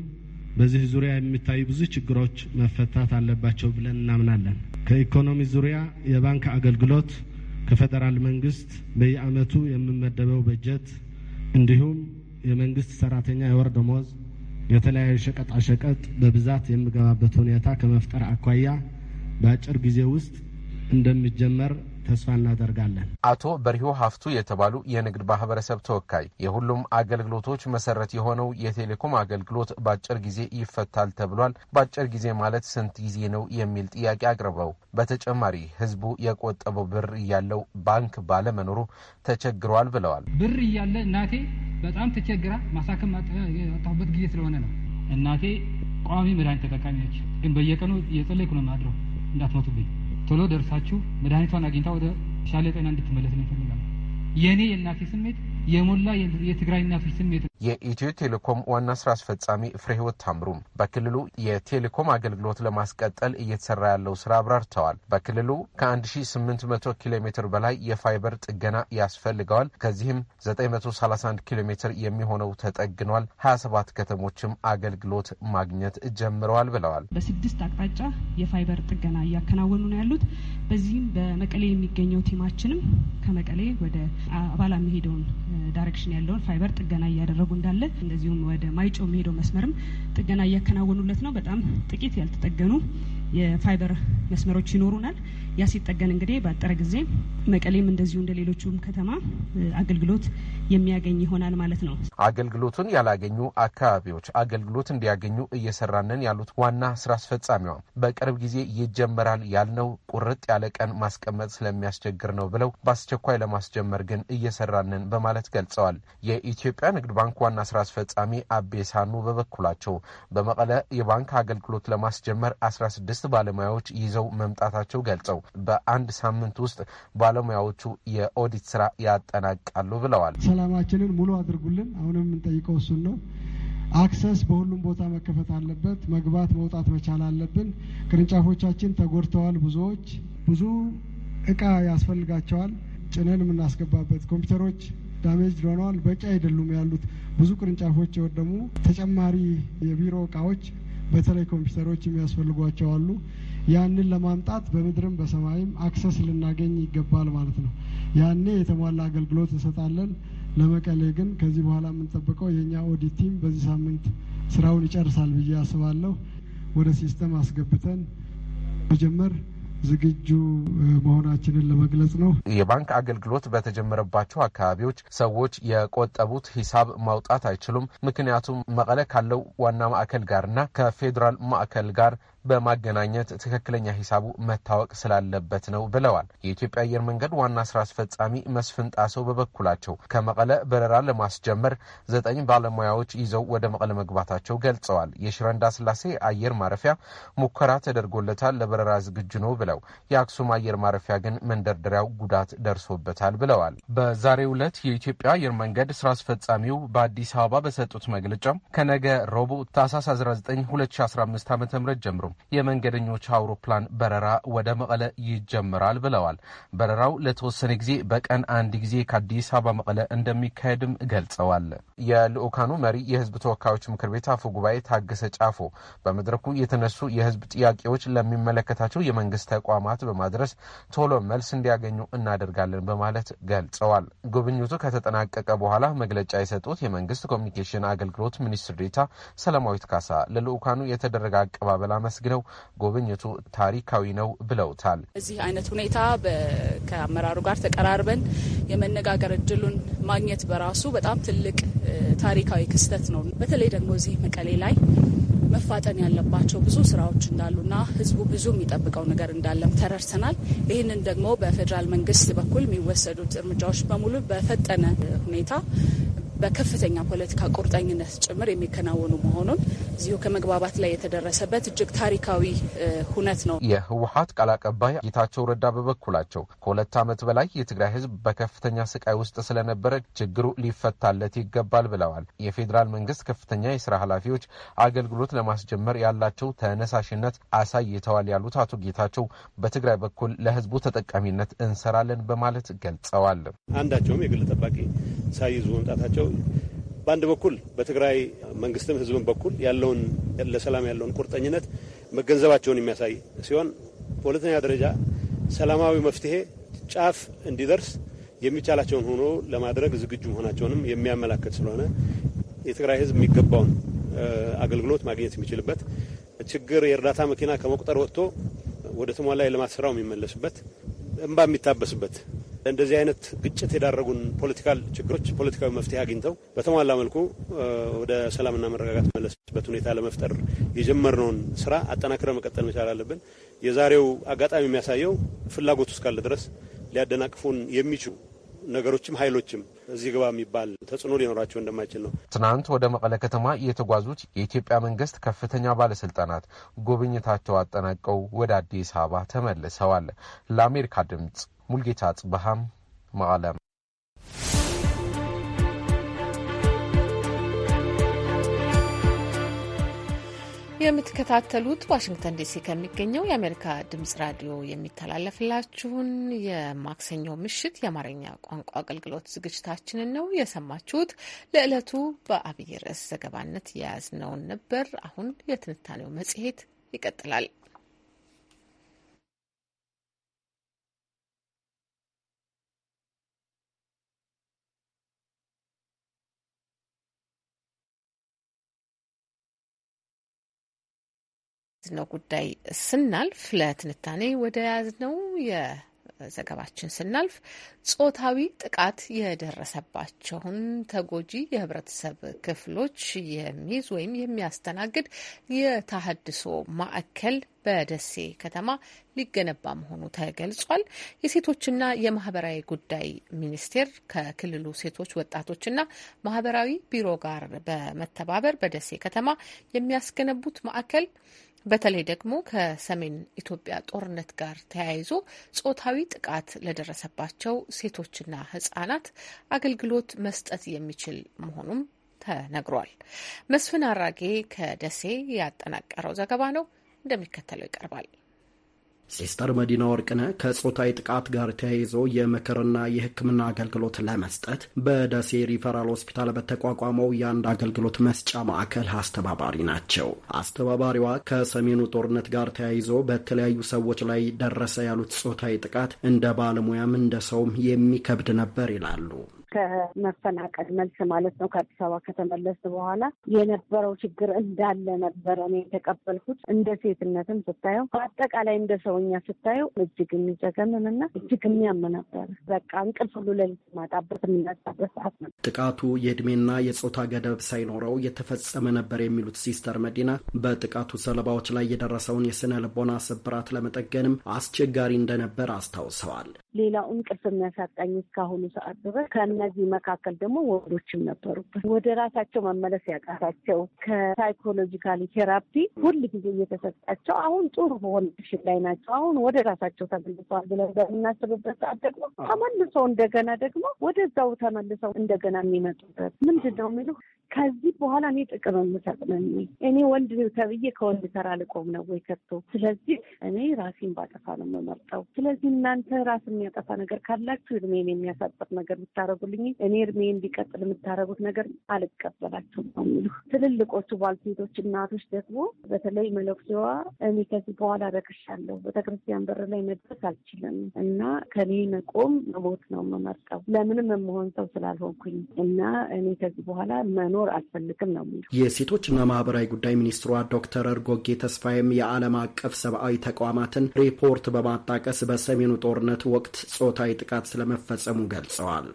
በዚህ ዙሪያ የሚታዩ ብዙ ችግሮች መፈታት አለባቸው ብለን እናምናለን። ከኢኮኖሚ ዙሪያ የባንክ አገልግሎት ከፌዴራል መንግስት በየአመቱ የሚመደበው በጀት እንዲሁም የመንግስት ሰራተኛ የወር ደሞዝ፣ የተለያዩ ሸቀጣሸቀጥ በብዛት የሚገባበት ሁኔታ ከመፍጠር አኳያ በአጭር ጊዜ ውስጥ እንደሚጀመር ተስፋ እናደርጋለን። አቶ በሪሁ ሀፍቱ የተባሉ የንግድ ማህበረሰብ ተወካይ የሁሉም አገልግሎቶች መሰረት የሆነው የቴሌኮም አገልግሎት በአጭር ጊዜ ይፈታል ተብሏል። በአጭር ጊዜ ማለት ስንት ጊዜ ነው የሚል ጥያቄ አቅርበው በተጨማሪ ህዝቡ የቆጠበው ብር እያለው ባንክ ባለመኖሩ ተቸግሯል ብለዋል። ብር እያለ እናቴ በጣም ተቸግራ ማሳከም ያጣሁበት ጊዜ ስለሆነ ነው። እናቴ ቋሚ መድኃኒት ተጠቃሚ ነች። ግን በየቀኑ የጸለይኩ ነው ማድረው እንዳትሞቱብኝ ቶሎ ደርሳችሁ መድኃኒቷን አግኝታ ወደ ሻለ ጤና እንድትመለስ ነው ይፈልጋል። የእኔ የእናቴ ስሜት የሞላ የትግራይ እናቶች ስሜት የኢትዮ ቴሌኮም ዋና ስራ አስፈጻሚ ፍሬ ህይወት ታምሩም በክልሉ የቴሌኮም አገልግሎት ለማስቀጠል እየተሰራ ያለው ስራ አብራርተዋል። በክልሉ ከ1800 ኪሎ ሜትር በላይ የፋይበር ጥገና ያስፈልገዋል። ከዚህም 931 ኪሎ ሜትር የሚሆነው ተጠግኗል። 27 ከተሞችም አገልግሎት ማግኘት ጀምረዋል ብለዋል። በስድስት አቅጣጫ የፋይበር ጥገና እያከናወኑ ነው ያሉት። በዚህም በመቀሌ የሚገኘው ቲማችንም ከመቀሌ ወደ አባላ የሚሄደውን ዳይሬክሽን ያለውን ፋይበር ጥገና እያደረጉ እንዳለ፣ እንደዚሁም ወደ ማይጮ የሚሄደው መስመርም ጥገና እያከናወኑለት ነው። በጣም ጥቂት ያልተጠገኑ የፋይበር መስመሮች ይኖሩናል። ያ ሲጠገን እንግዲህ በአጠረ ጊዜ መቀሌም እንደዚሁ እንደ ሌሎቹም ከተማ አገልግሎት የሚያገኝ ይሆናል ማለት ነው። አገልግሎቱን ያላገኙ አካባቢዎች አገልግሎት እንዲያገኙ እየሰራንን ያሉት ዋና ስራ አስፈጻሚዋ በቅርብ ጊዜ ይጀመራል ያልነው ቁርጥ ያለ ቀን ማስቀመጥ ስለሚያስቸግር ነው ብለው በአስቸኳይ ለማስጀመር ግን እየሰራንን በማለት ገልጸዋል። የኢትዮጵያ ንግድ ባንክ ዋና ስራ አስፈጻሚ አቤ ሳኑ በበኩላቸው በመቀለ የባንክ አገልግሎት ለማስጀመር አስራ ስድስት ባለሙያዎች ይዘው መምጣታቸው ገልጸው በአንድ ሳምንት ውስጥ ባለሙያዎቹ የኦዲት ስራ ያጠናቃሉ ብለዋል። ሰላማችንን ሙሉ አድርጉልን። አሁንም የምንጠይቀው እሱን ነው። አክሰስ በሁሉም ቦታ መከፈት አለበት። መግባት መውጣት መቻል አለብን። ቅርንጫፎቻችን ተጎድተዋል። ብዙዎች ብዙ እቃ ያስፈልጋቸዋል። ጭነን የምናስገባበት ኮምፒውተሮች ዳሜጅ ሆነዋል። በቂ አይደሉም ያሉት ብዙ ቅርንጫፎች የወደሙ ተጨማሪ የቢሮ እቃዎች በተለይ ኮምፒውተሮች የሚያስፈልጓቸው አሉ። ያንን ለማምጣት በምድርም በሰማይም አክሰስ ልናገኝ ይገባል ማለት ነው። ያኔ የተሟላ አገልግሎት እንሰጣለን። ለመቀሌ ግን ከዚህ በኋላ የምንጠብቀው የእኛ ኦዲት ቲም በዚህ ሳምንት ስራውን ይጨርሳል ብዬ አስባለሁ። ወደ ሲስተም አስገብተን መጀመር ዝግጁ መሆናችንን ለመግለጽ ነው። የባንክ አገልግሎት በተጀመረባቸው አካባቢዎች ሰዎች የቆጠቡት ሂሳብ ማውጣት አይችሉም። ምክንያቱም መቀለ ካለው ዋና ማዕከል ጋርና ከፌዴራል ማዕከል ጋር በማገናኘት ትክክለኛ ሂሳቡ መታወቅ ስላለበት ነው ብለዋል። የኢትዮጵያ አየር መንገድ ዋና ስራ አስፈጻሚ መስፍን ጣሰው በበኩላቸው ከመቀለ በረራ ለማስጀመር ዘጠኝ ባለሙያዎች ይዘው ወደ መቀለ መግባታቸው ገልጸዋል። የሽረንዳ ስላሴ አየር ማረፊያ ሙከራ ተደርጎለታል፣ ለበረራ ዝግጁ ነው ብለው የአክሱም አየር ማረፊያ ግን መንደርደሪያው ጉዳት ደርሶበታል ብለዋል። በዛሬው ዕለት የኢትዮጵያ አየር መንገድ ስራ አስፈጻሚው በአዲስ አበባ በሰጡት መግለጫ ከነገ ረቡዕ ታህሳስ 19 2015 ዓ ም ጀምሮ የመንገደኞች አውሮፕላን በረራ ወደ መቀለ ይጀምራል ብለዋል። በረራው ለተወሰነ ጊዜ በቀን አንድ ጊዜ ከአዲስ አበባ መቀለ እንደሚካሄድም ገልጸዋል። የልኡካኑ መሪ የህዝብ ተወካዮች ምክር ቤት አፈ ጉባኤ ታገሰ ጫፎ በመድረኩ የተነሱ የህዝብ ጥያቄዎች ለሚመለከታቸው የመንግስት ተቋማት በማድረስ ቶሎ መልስ እንዲያገኙ እናደርጋለን በማለት ገልጸዋል። ጉብኝቱ ከተጠናቀቀ በኋላ መግለጫ የሰጡት የመንግስት ኮሚኒኬሽን አገልግሎት ሚኒስትር ዴታ ሰላማዊት ካሳ ለልኡካኑ የተደረገ አቀባበል አመስግ አመስግነው ጉብኝቱ ታሪካዊ ነው ብለውታል። እዚህ አይነት ሁኔታ ከአመራሩ ጋር ተቀራርበን የመነጋገር እድሉን ማግኘት በራሱ በጣም ትልቅ ታሪካዊ ክስተት ነው። በተለይ ደግሞ እዚህ መቀሌ ላይ መፋጠን ያለባቸው ብዙ ስራዎች እንዳሉና ህዝቡ ብዙ የሚጠብቀው ነገር እንዳለም ተረድተናል። ይህንን ደግሞ በፌዴራል መንግስት በኩል የሚወሰዱት እርምጃዎች በሙሉ በፈጠነ ሁኔታ በከፍተኛ ፖለቲካ ቁርጠኝነት ጭምር የሚከናወኑ መሆኑን እዚሁ ከመግባባት ላይ የተደረሰበት እጅግ ታሪካዊ ሁነት ነው። የህወሀት ቃል አቀባይ ጌታቸው ረዳ በበኩላቸው ከሁለት ዓመት በላይ የትግራይ ህዝብ በከፍተኛ ስቃይ ውስጥ ስለነበረ ችግሩ ሊፈታለት ይገባል ብለዋል። የፌዴራል መንግስት ከፍተኛ የስራ ኃላፊዎች አገልግሎት ለማስጀመር ያላቸው ተነሳሽነት አሳይተዋል ያሉት አቶ ጌታቸው በትግራይ በኩል ለህዝቡ ተጠቃሚነት እንሰራለን በማለት ገልጸዋል። አንዳቸውም የግል ጠባቂ ሳይዙ መምጣታቸው በአንድ በኩል በትግራይ መንግስትም ህዝብም በኩል ያለውን ለሰላም ያለውን ቁርጠኝነት መገንዘባቸውን የሚያሳይ ሲሆን በሁለተኛ ደረጃ ሰላማዊ መፍትሄ ጫፍ እንዲደርስ የሚቻላቸውን ሆኖ ለማድረግ ዝግጁ መሆናቸውንም የሚያመላክት ስለሆነ የትግራይ ህዝብ የሚገባውን አገልግሎት ማግኘት የሚችልበት ችግር የእርዳታ መኪና ከመቁጠር ወጥቶ ወደ ተሟላ የልማት ስራው የሚመለስበት እንባ የሚታበስበት እንደዚህ አይነት ግጭት የዳረጉን ፖለቲካል ችግሮች ፖለቲካዊ መፍትሄ አግኝተው በተሟላ መልኩ ወደ ሰላምና መረጋጋት መለስበት ሁኔታ ለመፍጠር የጀመርነውን ስራ አጠናክረ መቀጠል መቻል አለብን። የዛሬው አጋጣሚ የሚያሳየው ፍላጎቱ እስካለ ድረስ ሊያደናቅፉን የሚችሉ ነገሮችም ኃይሎችም እዚህ ግባ የሚባል ተጽዕኖ ሊኖራቸው እንደማይችል ነው። ትናንት ወደ መቀለ ከተማ የተጓዙት የኢትዮጵያ መንግስት ከፍተኛ ባለስልጣናት ጉብኝታቸው አጠናቀው ወደ አዲስ አበባ ተመልሰዋል። ለአሜሪካ ድምጽ ሙልጌታ ጽበሃም መቀለም የምትከታተሉት ዋሽንግተን ዲሲ ከሚገኘው የአሜሪካ ድምጽ ራዲዮ የሚተላለፍላችሁን የማክሰኞ ምሽት የአማርኛ ቋንቋ አገልግሎት ዝግጅታችንን ነው የሰማችሁት። ለዕለቱ በአብይ ርዕስ ዘገባነት የያዝነውን ነበር። አሁን የትንታኔው መጽሔት ይቀጥላል። ነው ጉዳይ ስናልፍ ለትንታኔ ወደ ያዝነው የዘገባችን ስናልፍ ጾታዊ ጥቃት የደረሰባቸውን ተጎጂ የህብረተሰብ ክፍሎች የሚይዝ ወይም የሚያስተናግድ የተሃድሶ ማዕከል በደሴ ከተማ ሊገነባ መሆኑ ተገልጿል። የሴቶችና የማህበራዊ ጉዳይ ሚኒስቴር ከክልሉ ሴቶች ወጣቶችና ማህበራዊ ቢሮ ጋር በመተባበር በደሴ ከተማ የሚያስገነቡት ማዕከል በተለይ ደግሞ ከሰሜን ኢትዮጵያ ጦርነት ጋር ተያይዞ ጾታዊ ጥቃት ለደረሰባቸው ሴቶችና ህጻናት አገልግሎት መስጠት የሚችል መሆኑም ተነግሯል። መስፍን አራጌ ከደሴ ያጠናቀረው ዘገባ ነው፣ እንደሚከተለው ይቀርባል። ሲስተር መዲና ወርቅነ ከጾታዊ ጥቃት ጋር ተያይዞ የምክርና የሕክምና አገልግሎት ለመስጠት በደሴ ሪፈራል ሆስፒታል በተቋቋመው የአንድ አገልግሎት መስጫ ማዕከል አስተባባሪ ናቸው። አስተባባሪዋ ከሰሜኑ ጦርነት ጋር ተያይዞ በተለያዩ ሰዎች ላይ ደረሰ ያሉት ጾታዊ ጥቃት እንደ ባለሙያም እንደ ሰውም የሚከብድ ነበር ይላሉ። ከመፈናቀል መልስ ማለት ነው ከአዲስ አበባ ከተመለስ በኋላ የነበረው ችግር እንዳለ ነበረ ነው የተቀበልኩት። እንደ ሴትነትም ስታየው፣ በአጠቃላይ እንደ ሰውኛ ስታየው እጅግ የሚዘገምም እና እጅግ የሚያም ነበር። በቃ እንቅልፍ ሁሉ ሌሊት ማጣበት የምናጣበት ሰዓት ነው። ጥቃቱ የእድሜና የጾታ ገደብ ሳይኖረው የተፈጸመ ነበር የሚሉት ሲስተር መዲና በጥቃቱ ሰለባዎች ላይ የደረሰውን የስነ ልቦና ስብራት ለመጠገንም አስቸጋሪ እንደነበር አስታውሰዋል። ሌላው እንቅልፍ የሚያሳጣኝ እስካሁኑ ሰዓት ድረስ ከነ ከነዚህ መካከል ደግሞ ወንዶችም ነበሩበት። ወደ ራሳቸው መመለስ ያቃታቸው ከሳይኮሎጂካል ቴራፒ ሁል ጊዜ እየተሰጣቸው አሁን ጥሩ በሆነ በሆነሽን ላይ ናቸው። አሁን ወደ ራሳቸው ተመልሰዋል ብለን በምናስብበት ሰዓት ደግሞ ተመልሰው እንደገና ደግሞ ወደዛው ተመልሰው እንደገና የሚመጡበት ምንድን ነው የሚሉ ከዚህ በኋላ እኔ ጥቅም የምሰጥ እኔ ወንድ ተብዬ ከወንድ ተራ ልቆም ነው ወይ ከቶ? ስለዚህ እኔ ራሴን ባጠፋ ነው የምመርጠው። ስለዚህ እናንተ ራስ የሚያጠፋ ነገር ካላችሁ እድሜን የሚያሳጥር ነገር ብታደረጉልኝ አድርጉልኝ፣ እኔ እድሜ እንዲቀጥል የምታደርጉት ነገር አልቀበላቸውም የሚሉ ትልልቆቹ ባልቴቶች እናቶች ደግሞ በተለይ መለኩሴዋ እኔ ከዚህ በኋላ ረክሻለሁ፣ ቤተክርስቲያን በር ላይ መድረስ አልችልም እና ከኔ መቆም መሞት ነው የምመርጠው ለምንም የመሆን ሰው ስላልሆንኩኝ እና እኔ ከዚህ በኋላ መኖር አልፈልግም ነው የሚሉ የሴቶችና ማህበራዊ ጉዳይ ሚኒስትሯ ዶክተር እርጎጌ ተስፋዬም የዓለም አቀፍ ሰብአዊ ተቋማትን ሪፖርት በማጣቀስ በሰሜኑ ጦርነት ወቅት ጾታዊ ጥቃት ስለመፈጸሙ ገልጸዋል።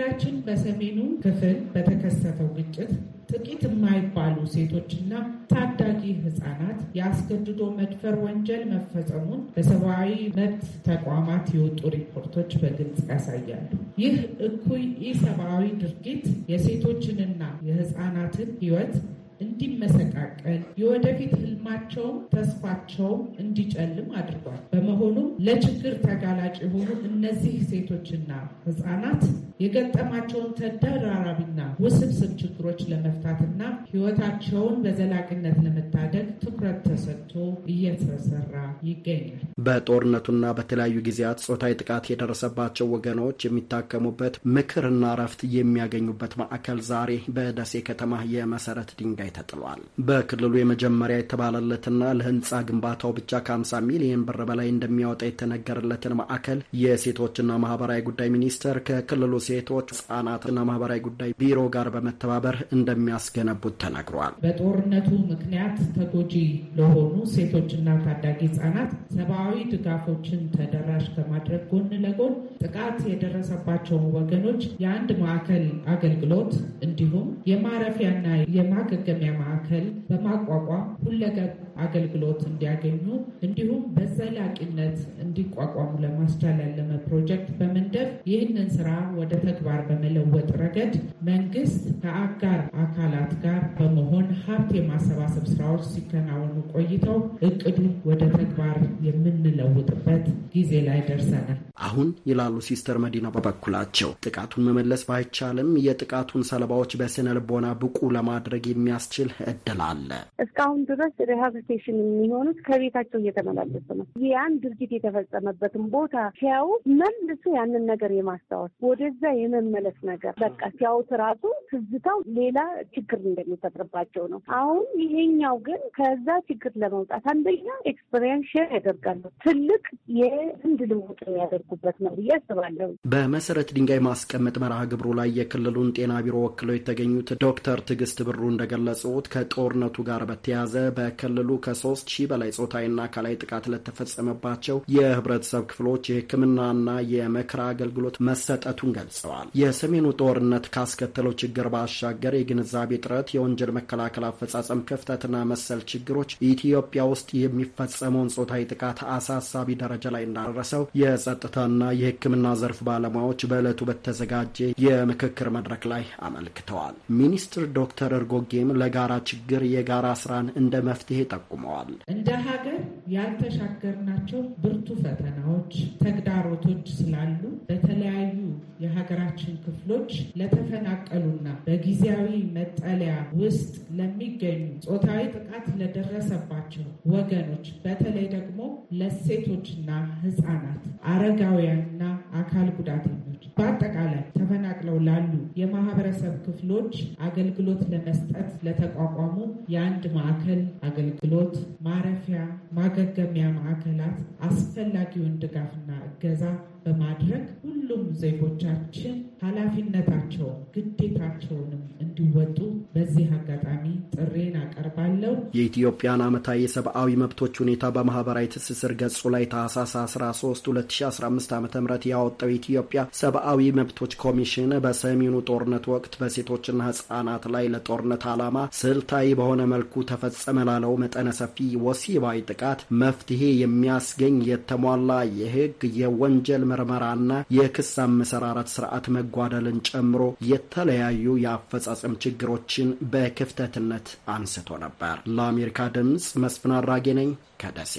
በሀገራችን በሰሜኑ ክፍል በተከሰተው ግጭት ጥቂት የማይባሉ ሴቶችና ታዳጊ ህጻናት የአስገድዶ መድፈር ወንጀል መፈጸሙን በሰብአዊ መብት ተቋማት የወጡ ሪፖርቶች በግልጽ ያሳያሉ። ይህ እኩይ ኢሰብአዊ ድርጊት የሴቶችንና የህጻናትን ህይወት እንዲመሰቃቀል የወደፊት ህልማቸውም ተስፋቸውም እንዲጨልም አድርጓል። በመሆኑም ለችግር ተጋላጭ የሆኑ እነዚህ ሴቶችና ህጻናት የገጠማቸውን ተደራራቢና ውስብስብ ችግሮች ለመፍታትና ህይወታቸውን በዘላቂነት ለመታደግ ትኩረት ተሰጥቶ እየተሰራ ይገኛል። በጦርነቱና በተለያዩ ጊዜያት ጾታዊ ጥቃት የደረሰባቸው ወገኖች የሚታከሙበት ምክርና ረፍት የሚያገኙበት ማዕከል ዛሬ በደሴ ከተማ የመሰረት ድንጋይ ላይ ተጥሏል። በክልሉ የመጀመሪያ የተባለለትና ለህንፃ ግንባታው ብቻ ከ50 ሚሊየን ብር በላይ እንደሚያወጣ የተነገረለትን ማዕከል የሴቶችና ማህበራዊ ጉዳይ ሚኒስቴር ከክልሉ ሴቶች ህጻናትና ማህበራዊ ጉዳይ ቢሮ ጋር በመተባበር እንደሚያስገነቡት ተናግሯል። በጦርነቱ ምክንያት ተጎጂ ለሆኑ ሴቶችና ታዳጊ ህጻናት ሰብአዊ ድጋፎችን ተደራሽ ከማድረግ ጎን ለጎን ጥቃት የደረሰባቸውን ወገኖች የአንድ ማዕከል አገልግሎት እንዲሁም የማረፊያና የማገገ ማሰልጠኛ ማዕከል በማቋቋም ሁለገብ አገልግሎት እንዲያገኙ እንዲሁም በዘላቂነት እንዲቋቋሙ ለማስቻል ያለመ ፕሮጀክት በመንደፍ ይህንን ስራ ወደ ተግባር በመለወጥ ረገድ መንግስት ከአጋር አካላት ጋር በመሆን ሀብት የማሰባሰብ ስራዎች ሲከናወኑ ቆይተው እቅዱን ወደ ተግባር የምንለውጥበት ጊዜ ላይ ደርሰናል። አሁን ይላሉ ሲስተር መዲና በበኩላቸው ጥቃቱን መመለስ ባይቻልም የጥቃቱን ሰለባዎች በስነ ልቦና ብቁ ለማድረግ የሚያስ የሚያስችል እድል አለ። እስካሁን ድረስ ሪሃብሊቴሽን የሚሆኑት ከቤታቸው እየተመላለሱ ነው። ያን ድርጊት የተፈጸመበትን ቦታ ሲያዩ መልሶ ያንን ነገር የማስታወስ ወደዛ የመመለስ ነገር በቃ ሲያዩት ራሱ ትዝታው ሌላ ችግር እንደሚፈጥርባቸው ነው። አሁን ይሄኛው ግን ከዛ ችግር ለመውጣት አንደኛ ኤክስፐሪንስ ሼር ያደርጋሉ። ትልቅ የልምድ ልውጥ የሚያደርጉበት ነው ብዬ አስባለሁ። በመሰረት ድንጋይ ማስቀመጥ መርሃ ግብሩ ላይ የክልሉን ጤና ቢሮ ወክለው የተገኙት ዶክተር ትዕግስት ብሩ እንደገለጹ እንደገለጹት ከጦርነቱ ጋር በተያያዘ በክልሉ ከሶስት ሺህ በላይ ጾታዊና አካላዊ ጥቃት ለተፈጸመባቸው የህብረተሰብ ክፍሎች የህክምናና የመከራ አገልግሎት መሰጠቱን ገልጸዋል። የሰሜኑ ጦርነት ካስከተለው ችግር ባሻገር የግንዛቤ ጥረት፣ የወንጀል መከላከል አፈጻጸም ክፍተትና መሰል ችግሮች ኢትዮጵያ ውስጥ የሚፈጸመውን ጾታዊ ጥቃት አሳሳቢ ደረጃ ላይ እንዳደረሰው የጸጥታና የህክምና ዘርፍ ባለሙያዎች በዕለቱ በተዘጋጀ የምክክር መድረክ ላይ አመልክተዋል። ሚኒስትር ዶክተር እርጎጌም ለጋራ ችግር የጋራ ስራን እንደ መፍትሄ ጠቁመዋል። እንደ ሀገር ያልተሻገርናቸው ብርቱ ፈተናዎች፣ ተግዳሮቶች ስላሉ በተለያዩ የሀገራችን ክፍሎች ለተፈናቀሉና በጊዜያዊ መጠለያ ውስጥ ለሚገኙ ጾታዊ ጥቃት ለደረሰባቸው ወገኖች በተለይ ደግሞ ለሴቶችና ህጻናት፣ አረጋውያንና አካል ጉዳተኞች በአጠቃላይ ተፈናቅለው ላሉ የማህበረሰብ ክፍሎች አገልግሎት ለመስጠት ለተቋቋሙ የአንድ ማዕከል አገልግሎት ማረፊያ፣ ማገገሚያ ማዕከላት አስፈላጊውን ድጋፍና እገዛ በማድረግ ሁሉም ዜጎቻችን ኃላፊነታቸውን ግዴታቸውንም እንዲወጡ በዚህ አጋጣሚ ጥሬን አቀርባለሁ። የኢትዮጵያን ዓመታዊ የሰብአዊ መብቶች ሁኔታ በማህበራዊ ትስስር ገጹ ላይ ታህሳስ 13 2015 ዓ ም ያወጣው የኢትዮጵያ ሰብአዊ መብቶች ኮሚሽን በሰሜኑ ጦርነት ወቅት በሴቶችና ህጻናት ላይ ለጦርነት ዓላማ ስልታዊ በሆነ መልኩ ተፈጸመ ላለው መጠነ ሰፊ ወሲባዊ ጥቃት መፍትሄ የሚያስገኝ የተሟላ የህግ የወንጀል ምርመራና የክስ አመሰራረት ስርዓት መጓደልን ጨምሮ የተለያዩ የአፈጻጸም ችግሮችን በክፍተትነት አንስቶ ነበር። ለአሜሪካ ድምፅ መስፍን አራጌ ነኝ ከደሴ።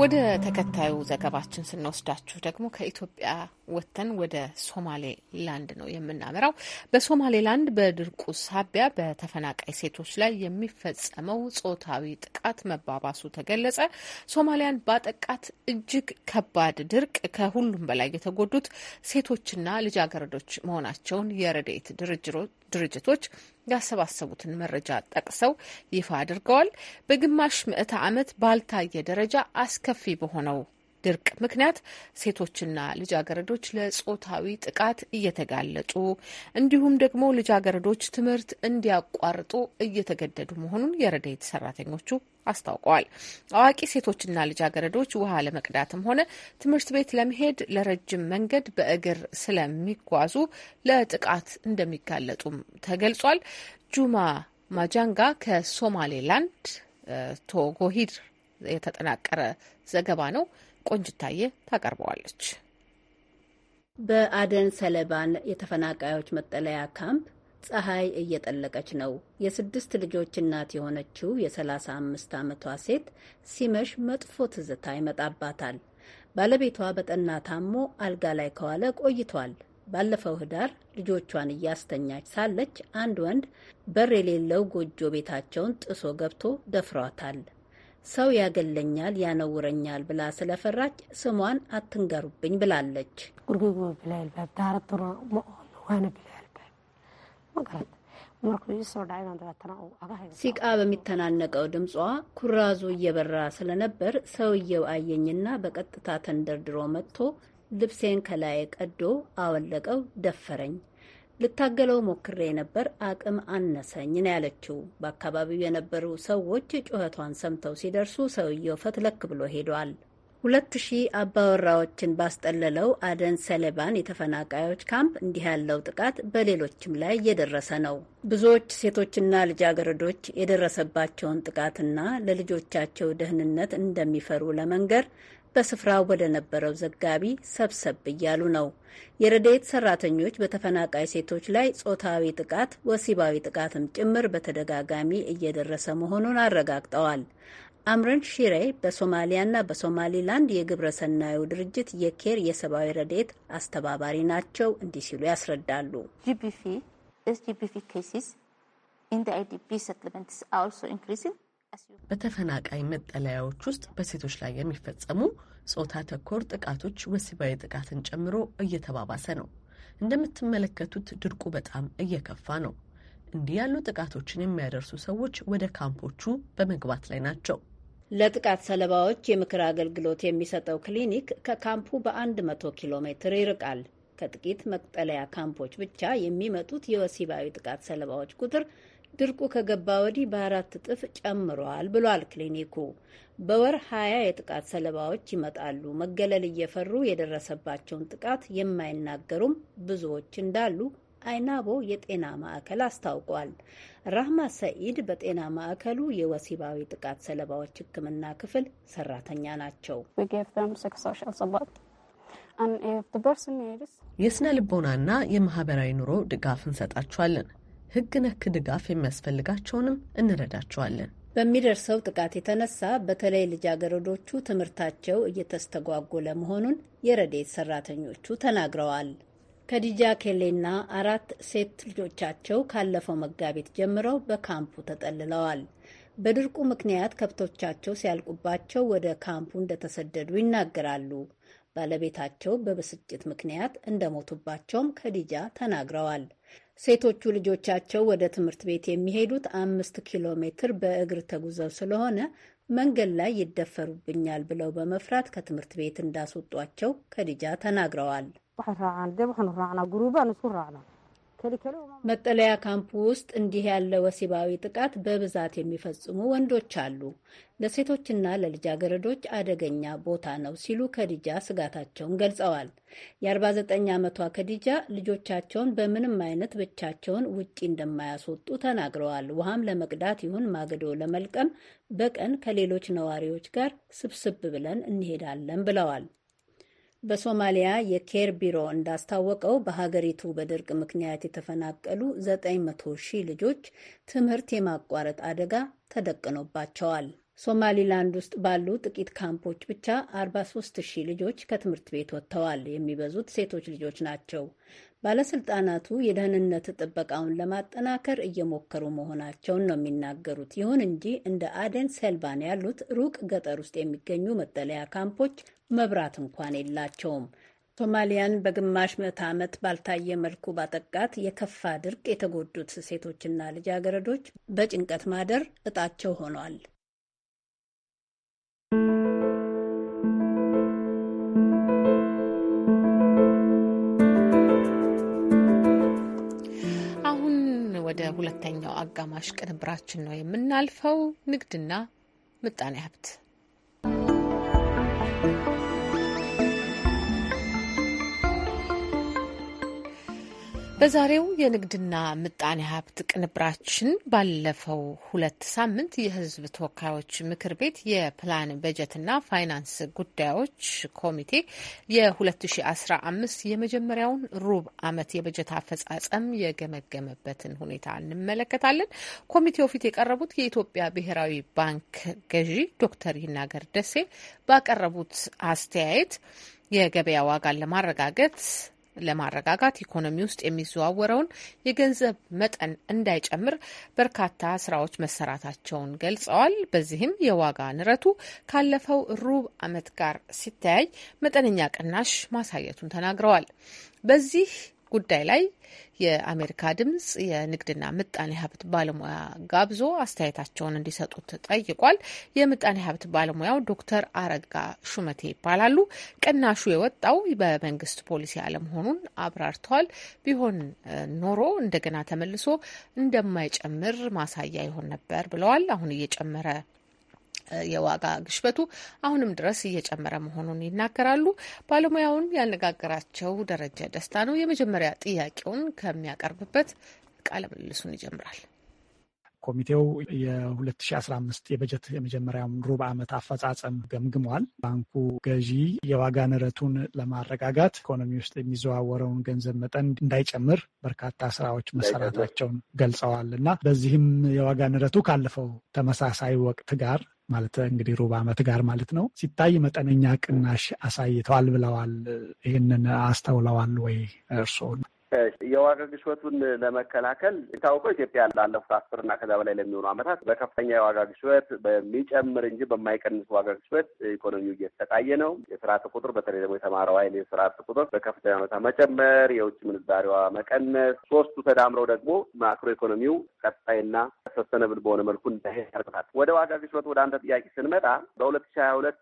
ወደ ተከታዩ ዘገባችን ስንወስዳችሁ ደግሞ ከኢትዮጵያ ወጥተን ወደ ሶማሌ ላንድ ነው የምናመራው። ላንድ በድርቁ ሳቢያ በተፈናቃይ ሴቶች ላይ የሚፈጸመው ጾታዊ ጥቃት መባባሱ ተገለጸ። ሶማሊያን ባጠቃት እጅግ ከባድ ድርቅ ከሁሉም በላይ የተጎዱት ሴቶችና ልጃገረዶች መሆናቸውን የረድኤት ድርጅቶች ያሰባሰቡትን መረጃ ጠቅሰው ይፋ አድርገዋል። በግማሽ ምዕተ ዓመት ባልታየ ደረጃ አስከፊ በሆነው ድርቅ ምክንያት ሴቶችና ልጃገረዶች ለጾታዊ ጥቃት እየተጋለጡ እንዲሁም ደግሞ ልጃገረዶች ትምህርት እንዲያቋርጡ እየተገደዱ መሆኑን የረድኤት ሰራተኞቹ አስታውቀዋል። አዋቂ ሴቶችና ልጃገረዶች ውሃ ለመቅዳትም ሆነ ትምህርት ቤት ለመሄድ ለረጅም መንገድ በእግር ስለሚጓዙ ለጥቃት እንደሚጋለጡም ተገልጿል። ጁማ ማጃንጋ ከሶማሌላንድ ቶጎሂድ የተጠናቀረ ዘገባ ነው። ቆንጅታየ ታቀርበዋለች። በአደን ሰለባን የተፈናቃዮች መጠለያ ካምፕ ፀሐይ እየጠለቀች ነው። የስድስት ልጆች እናት የሆነችው የ35 ዓመቷ ሴት ሲመሽ መጥፎ ትዝታ ይመጣባታል። ባለቤቷ በጠና ታሞ አልጋ ላይ ከዋለ ቆይቷል። ባለፈው ህዳር ልጆቿን እያስተኛች ሳለች አንድ ወንድ በር የሌለው ጎጆ ቤታቸውን ጥሶ ገብቶ ደፍሯታል። ሰው ያገለኛል፣ ያነውረኛል ብላ ስለፈራች ስሟን አትንገሩብኝ ብላለች። ሲቃ በሚተናነቀው ድምጿ ኩራዙ እየበራ ስለነበር ሰውየው አየኝና በቀጥታ ተንደርድሮ መጥቶ ልብሴን ከላይ ቀዶ አወለቀው፣ ደፈረኝ። ልታገለው ሞክሬ ነበር፣ አቅም አነሰኝ ነው ያለችው። በአካባቢው የነበሩ ሰዎች ጩኸቷን ሰምተው ሲደርሱ ሰውየው ፈትለክ ብሎ ሄዷል። ሁለት ሺህ አባወራዎችን ባስጠለለው አደን ሰሌባን የተፈናቃዮች ካምፕ እንዲህ ያለው ጥቃት በሌሎችም ላይ እየደረሰ ነው። ብዙዎች ሴቶችና ልጃገረዶች የደረሰባቸውን ጥቃትና ለልጆቻቸው ደህንነት እንደሚፈሩ ለመንገር በስፍራው ወደ ነበረው ዘጋቢ ሰብሰብ እያሉ ነው። የረድኤት ሰራተኞች በተፈናቃይ ሴቶች ላይ ጾታዊ ጥቃት፣ ወሲባዊ ጥቃትም ጭምር በተደጋጋሚ እየደረሰ መሆኑን አረጋግጠዋል። አምረን ሺሬ በሶማሊያና በሶማሊላንድ የግብረ ሰናዩ ድርጅት የኬር የሰብአዊ ረድኤት አስተባባሪ ናቸው። እንዲህ ሲሉ ያስረዳሉ። ጂፒቪ ኬሲስ ኢን አይዲፒ ሰትልመንትስ አልሶ ኢንክሪዚንግ በተፈናቃይ መጠለያዎች ውስጥ በሴቶች ላይ የሚፈጸሙ ጾታ ተኮር ጥቃቶች ወሲባዊ ጥቃትን ጨምሮ እየተባባሰ ነው። እንደምትመለከቱት ድርቁ በጣም እየከፋ ነው። እንዲህ ያሉ ጥቃቶችን የሚያደርሱ ሰዎች ወደ ካምፖቹ በመግባት ላይ ናቸው። ለጥቃት ሰለባዎች የምክር አገልግሎት የሚሰጠው ክሊኒክ ከካምፑ በአንድ መቶ ኪሎ ሜትር ይርቃል። ከጥቂት መጠለያ ካምፖች ብቻ የሚመጡት የወሲባዊ ጥቃት ሰለባዎች ቁጥር ድርቁ ከገባ ወዲህ በአራት እጥፍ ጨምሯል ብሏል ክሊኒኩ። በወር ሀያ የጥቃት ሰለባዎች ይመጣሉ። መገለል እየፈሩ የደረሰባቸውን ጥቃት የማይናገሩም ብዙዎች እንዳሉ አይናቦ የጤና ማዕከል አስታውቋል። ራህማ ሰኢድ በጤና ማዕከሉ የወሲባዊ ጥቃት ሰለባዎች ሕክምና ክፍል ሰራተኛ ናቸው። የስነ ልቦናና የማህበራዊ ኑሮ ድጋፍ እንሰጣቸዋለን። ህግ ነክ ድጋፍ የሚያስፈልጋቸውንም እንረዳቸዋለን። በሚደርሰው ጥቃት የተነሳ በተለይ ልጃገረዶቹ ትምህርታቸው እየተስተጓጎለ መሆኑን የረዴት ሰራተኞቹ ተናግረዋል። ከዲጃ ኬሌና አራት ሴት ልጆቻቸው ካለፈው መጋቢት ጀምረው በካምፑ ተጠልለዋል። በድርቁ ምክንያት ከብቶቻቸው ሲያልቁባቸው ወደ ካምፑ እንደተሰደዱ ይናገራሉ። ባለቤታቸው በብስጭት ምክንያት እንደሞቱባቸውም ከዲጃ ተናግረዋል። ሴቶቹ ልጆቻቸው ወደ ትምህርት ቤት የሚሄዱት አምስት ኪሎ ሜትር በእግር ተጉዘው ስለሆነ መንገድ ላይ ይደፈሩብኛል ብለው በመፍራት ከትምህርት ቤት እንዳስወጧቸው ከዲጃ ተናግረዋል። መጠለያ ካምፕ ውስጥ እንዲህ ያለ ወሲባዊ ጥቃት በብዛት የሚፈጽሙ ወንዶች አሉ። ለሴቶችና ለልጃገረዶች አደገኛ ቦታ ነው ሲሉ ከዲጃ ስጋታቸውን ገልጸዋል። የ49 ዓመቷ ከዲጃ ልጆቻቸውን በምንም አይነት ብቻቸውን ውጪ እንደማያስወጡ ተናግረዋል። ውሃም ለመቅዳት ይሁን ማገዶ ለመልቀም በቀን ከሌሎች ነዋሪዎች ጋር ስብስብ ብለን እንሄዳለን ብለዋል። በሶማሊያ የኬር ቢሮ እንዳስታወቀው በሀገሪቱ በድርቅ ምክንያት የተፈናቀሉ 900 ሺህ ልጆች ትምህርት የማቋረጥ አደጋ ተደቅኖባቸዋል። ሶማሊላንድ ውስጥ ባሉ ጥቂት ካምፖች ብቻ 43 ሺህ ልጆች ከትምህርት ቤት ወጥተዋል። የሚበዙት ሴቶች ልጆች ናቸው። ባለስልጣናቱ የደህንነት ጥበቃውን ለማጠናከር እየሞከሩ መሆናቸውን ነው የሚናገሩት። ይሁን እንጂ እንደ አደን ሰልቫን ያሉት ሩቅ ገጠር ውስጥ የሚገኙ መጠለያ ካምፖች መብራት እንኳን የላቸውም። ሶማሊያን በግማሽ ምዕተ ዓመት ባልታየ መልኩ ባጠቃት የከፋ ድርቅ የተጎዱት ሴቶችና ልጃገረዶች በጭንቀት ማደር እጣቸው ሆኗል። አሁን ወደ ሁለተኛው አጋማሽ ቅንብራችን ነው የምናልፈው። ንግድና ምጣኔ ሀብት በዛሬው የንግድና ምጣኔ ሀብት ቅንብራችን ባለፈው ሁለት ሳምንት የሕዝብ ተወካዮች ምክር ቤት የፕላን በጀትና ፋይናንስ ጉዳዮች ኮሚቴ የ2015 የመጀመሪያውን ሩብ ዓመት የበጀት አፈጻጸም የገመገመበትን ሁኔታ እንመለከታለን። ኮሚቴው ፊት የቀረቡት የኢትዮጵያ ብሔራዊ ባንክ ገዢ ዶክተር ይናገር ደሴ ባቀረቡት አስተያየት የገበያ ዋጋን ለማረጋገጥ ለማረጋጋት ኢኮኖሚ ውስጥ የሚዘዋወረውን የገንዘብ መጠን እንዳይጨምር በርካታ ስራዎች መሰራታቸውን ገልጸዋል። በዚህም የዋጋ ንረቱ ካለፈው ሩብ ዓመት ጋር ሲተያይ መጠነኛ ቅናሽ ማሳየቱን ተናግረዋል። በዚህ ጉዳይ ላይ የአሜሪካ ድምጽ የንግድና ምጣኔ ሀብት ባለሙያ ጋብዞ አስተያየታቸውን እንዲሰጡት ጠይቋል። የምጣኔ ሀብት ባለሙያው ዶክተር አረጋ ሹመቴ ይባላሉ። ቅናሹ የወጣው በመንግስት ፖሊሲ አለመሆኑን አብራርተዋል። ቢሆን ኖሮ እንደገና ተመልሶ እንደማይጨምር ማሳያ ይሆን ነበር ብለዋል። አሁን እየጨመረ የዋጋ ግሽበቱ አሁንም ድረስ እየጨመረ መሆኑን ይናገራሉ። ባለሙያውን ያነጋገራቸው ደረጀ ደስታ ነው። የመጀመሪያ ጥያቄውን ከሚያቀርብበት ቃለ ምልልሱን ይጀምራል። ኮሚቴው የ2015 የበጀት የመጀመሪያውን ሩብ ዓመት አፈጻጸም ገምግሟል። ባንኩ ገዢ የዋጋ ንረቱን ለማረጋጋት ኢኮኖሚ ውስጥ የሚዘዋወረውን ገንዘብ መጠን እንዳይጨምር በርካታ ስራዎች መሰራታቸውን ገልጸዋል እና በዚህም የዋጋ ንረቱ ካለፈው ተመሳሳይ ወቅት ጋር ማለት እንግዲህ ሩብ ዓመት ጋር ማለት ነው ሲታይ መጠነኛ ቅናሽ አሳይተዋል ብለዋል። ይህንን አስተውለዋል ወይ እርስዎ? የዋጋ ግሽበቱን ለመከላከል የታወቀው ኢትዮጵያ ላለፉት እና ከዛ በላይ ለሚሆኑ ዓመታት በከፍተኛ የዋጋ ግሽበት በሚጨምር እንጂ በማይቀንስ ዋጋ ግሽበት ኢኮኖሚው እየተሰቃየ ነው። የስርዓት ቁጥር በተለይ ደግሞ የተማረው ኃይል የስርዓት ቁጥር በከፍተኛ ሁኔታ መጨመር፣ የውጭ ምንዛሪዋ መቀነስ፣ ሶስቱ ተዳምረው ደግሞ ማክሮ ኢኮኖሚው ቀጣይና ሰስተነብል በሆነ መልኩ እንዳይሄድ ወደ ዋጋ ግሽበት ወደ አንተ ጥያቄ ስንመጣ በሁለት ሺ ሀያ ሁለት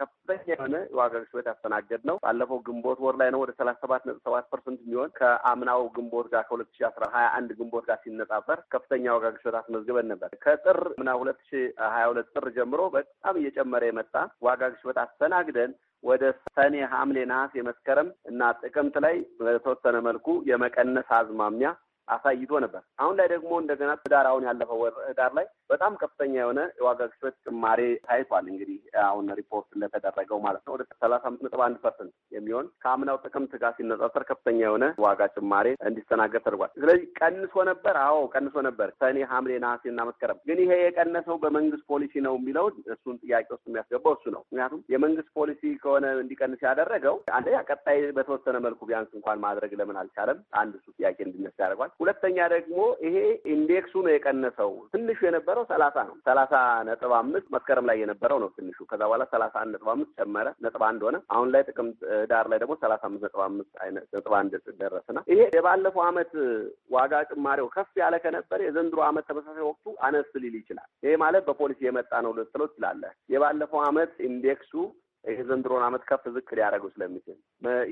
ከፍተኛ የሆነ የዋጋ ግሽበት ያስተናገድ ነው። ባለፈው ግንቦት ወር ላይ ነው ወደ ሰላሳ ሰባት ነጥብ ሰባት ፐርሰንት የሚሆን ከአምናው ግንቦት ጋር ከሁለት ሺ አስራ ሀያ አንድ ግንቦት ጋር ሲነጻጸር ከፍተኛ ዋጋ ግሽበት አስመዝግበን ነበር። ከጥር ምና ሁለት ሺ ሀያ ሁለት ጥር ጀምሮ በጣም እየጨመረ የመጣ ዋጋ ግሽበት አስተናግደን ወደ ሰኔ፣ ሐምሌ፣ ነሐሴ፣ መስከረም እና ጥቅምት ላይ በተወሰነ መልኩ የመቀነስ አዝማሚያ አሳይቶ ነበር። አሁን ላይ ደግሞ እንደገና ህዳር አሁን ያለፈው ወር ህዳር ላይ በጣም ከፍተኛ የሆነ የዋጋ ግሽበት ጭማሬ ታይቷል። እንግዲህ አሁን ሪፖርት እንደተደረገው ማለት ነው ወደ ሰላሳ አምስት ነጥብ አንድ ፐርሰንት የሚሆን ከአምናው ጥቅምት ጋር ሲነጻጸር ከፍተኛ የሆነ ዋጋ ጭማሬ እንዲስተናገድ ተደርጓል። ስለዚህ ቀንሶ ነበር። አዎ ቀንሶ ነበር። ሰኔ፣ ሐምሌ፣ ነሐሴ እና መስከረም ግን ይሄ የቀነሰው በመንግስት ፖሊሲ ነው የሚለው እሱን ጥያቄ ውስጥ የሚያስገባው እሱ ነው። ምክንያቱም የመንግስት ፖሊሲ ከሆነ እንዲቀንስ ያደረገው አንደኛ ቀጣይ በተወሰነ መልኩ ቢያንስ እንኳን ማድረግ ለምን አልቻለም? አንድ እሱ ጥያቄ እንዲነሳ ያደርጓል። ሁለተኛ ደግሞ ይሄ ኢንዴክሱ ነው የቀነሰው። ትንሹ የነበረው ሰላሳ ነው፣ ሰላሳ ነጥብ አምስት መስከረም ላይ የነበረው ነው ትንሹ። ከዛ በኋላ ሰላሳ አንድ ነጥብ አምስት ጨመረ፣ ነጥብ አንድ ሆነ። አሁን ላይ ጥቅምት ዳር ላይ ደግሞ ሰላሳ አምስት ነጥብ አምስት አይነት ነጥብ አንድ ደረስና ይሄ የባለፈው አመት ዋጋ ጭማሪው ከፍ ያለ ከነበረ የዘንድሮ አመት ተመሳሳይ ወቅቱ አነስ ሊል ይችላል። ይሄ ማለት በፖሊሲ የመጣ ነው ልትለው ትችላለህ። የባለፈው አመት ኢንዴክሱ የዘንድሮን አመት ከፍ ዝቅ ሊያደርገው ስለሚችል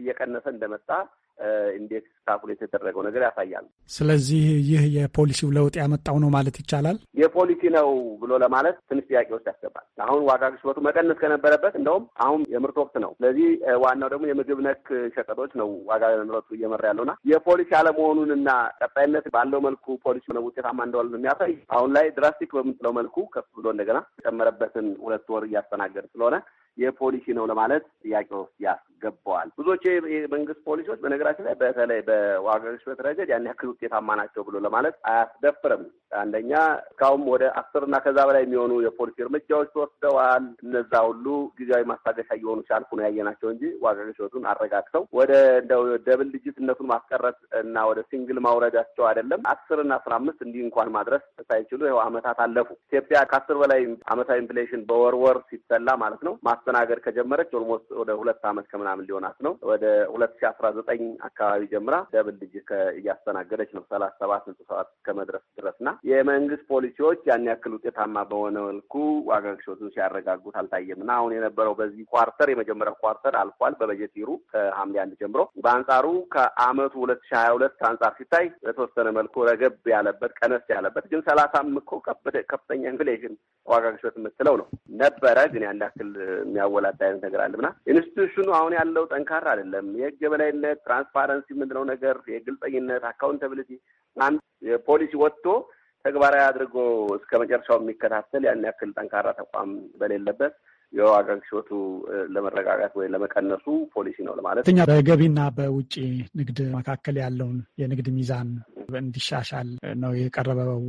እየቀነሰ እንደመጣ እንዴት ካልኩሌት የተደረገው ነገር ያሳያል። ስለዚህ ይህ የፖሊሲው ለውጥ ያመጣው ነው ማለት ይቻላል። የፖሊሲ ነው ብሎ ለማለት ትንሽ ጥያቄ ውስጥ ያስገባል። አሁን ዋጋ ግሽበቱ መቀነስ ከነበረበት እንደውም አሁን የምርት ወቅት ነው። ስለዚህ ዋናው ደግሞ የምግብ ነክ ሸቀጦች ነው ዋጋ ንረቱ እየመራ ያለውና የፖሊሲ አለመሆኑንና ቀጣይነት ባለው መልኩ ፖሊሲ ነው ውጤታማ እንደዋል የሚያሳይ አሁን ላይ ድራስቲክ በምንለው መልኩ ከፍ ብሎ እንደገና የጨመረበትን ሁለት ወር እያስተናገድ ስለሆነ የፖሊሲ ነው ለማለት ጥያቄ ውስጥ ያስገባዋል። ብዙዎች የመንግስት ፖሊሲዎች በነገራችን ላይ በተለይ በዋጋ ግሽበት ረገድ ያን ያክል ውጤታማ ናቸው ብሎ ለማለት አያስደፍርም። አንደኛ እስካሁን ወደ አስር እና ከዛ በላይ የሚሆኑ የፖሊሲ እርምጃዎች ተወስደዋል። እነዛ ሁሉ ጊዜያዊ ማስታገሻ እየሆኑ ሲያልፉ ነው ያየናቸው እንጂ ዋጋ ግሽበቱን አረጋግተው ወደ ደብል ልጅትነቱን ማስቀረት እና ወደ ሲንግል ማውረዳቸው አይደለም። አስር እና አስራ አምስት እንዲህ እንኳን ማድረስ ሳይችሉ ይኸው አመታት አለፉ። ኢትዮጵያ ከአስር በላይ አመታዊ ኢንፍሌሽን በወርወር ሲሰላ ማለት ነው ማስተናገድ ከጀመረች ኦልሞስት ወደ ሁለት አመት ከምናምን ሊሆናት ነው። ወደ ሁለት ሺ አስራ ዘጠኝ አካባቢ ጀምራ ደብል ልጅ እያስተናገደች ነው ሰላሳ ሰባት ነጥብ ሰባት እስከመድረስ ድረስ እና የመንግስት ፖሊሲዎች ያን ያክል ውጤታማ በሆነ መልኩ ዋጋ ግሽበቱን ሲያረጋጉት አልታየም እና አሁን የነበረው በዚህ ኳርተር የመጀመሪያው ኳርተር አልፏል በበጀት ይሩ ከሀምሌ አንድ ጀምሮ በአንጻሩ ከአመቱ ሁለት ሺ ሀያ ሁለት አንጻር ሲታይ በተወሰነ መልኩ ረገብ ያለበት ቀነስ ያለበት ግን ሰላሳም እኮ ከፍተኛ ኢንፍሌሽን ዋጋ ግሽበት የምትለው ነው ነበረ ግን ያን ያክል የሚያወላዳ አይነት ነገር አለ ምና ኢንስቲቱሽኑ አሁን ያለው ጠንካራ አይደለም። የህግ የበላይነት፣ ትራንስፓረንሲ የምንለው ነገር፣ የግልጠኝነት አካውንታብሊቲ፣ አንድ የፖሊሲ ወጥቶ ተግባራዊ አድርጎ እስከ መጨረሻው የሚከታተል ያን ያክል ጠንካራ ተቋም በሌለበት የዋጋ ግሽበቱ ለመረጋጋት ወይ ለመቀነሱ ፖሊሲ ነው ለማለት ኛ በገቢና በውጭ ንግድ መካከል ያለውን የንግድ ሚዛን እንዲሻሻል ነው የቀረበው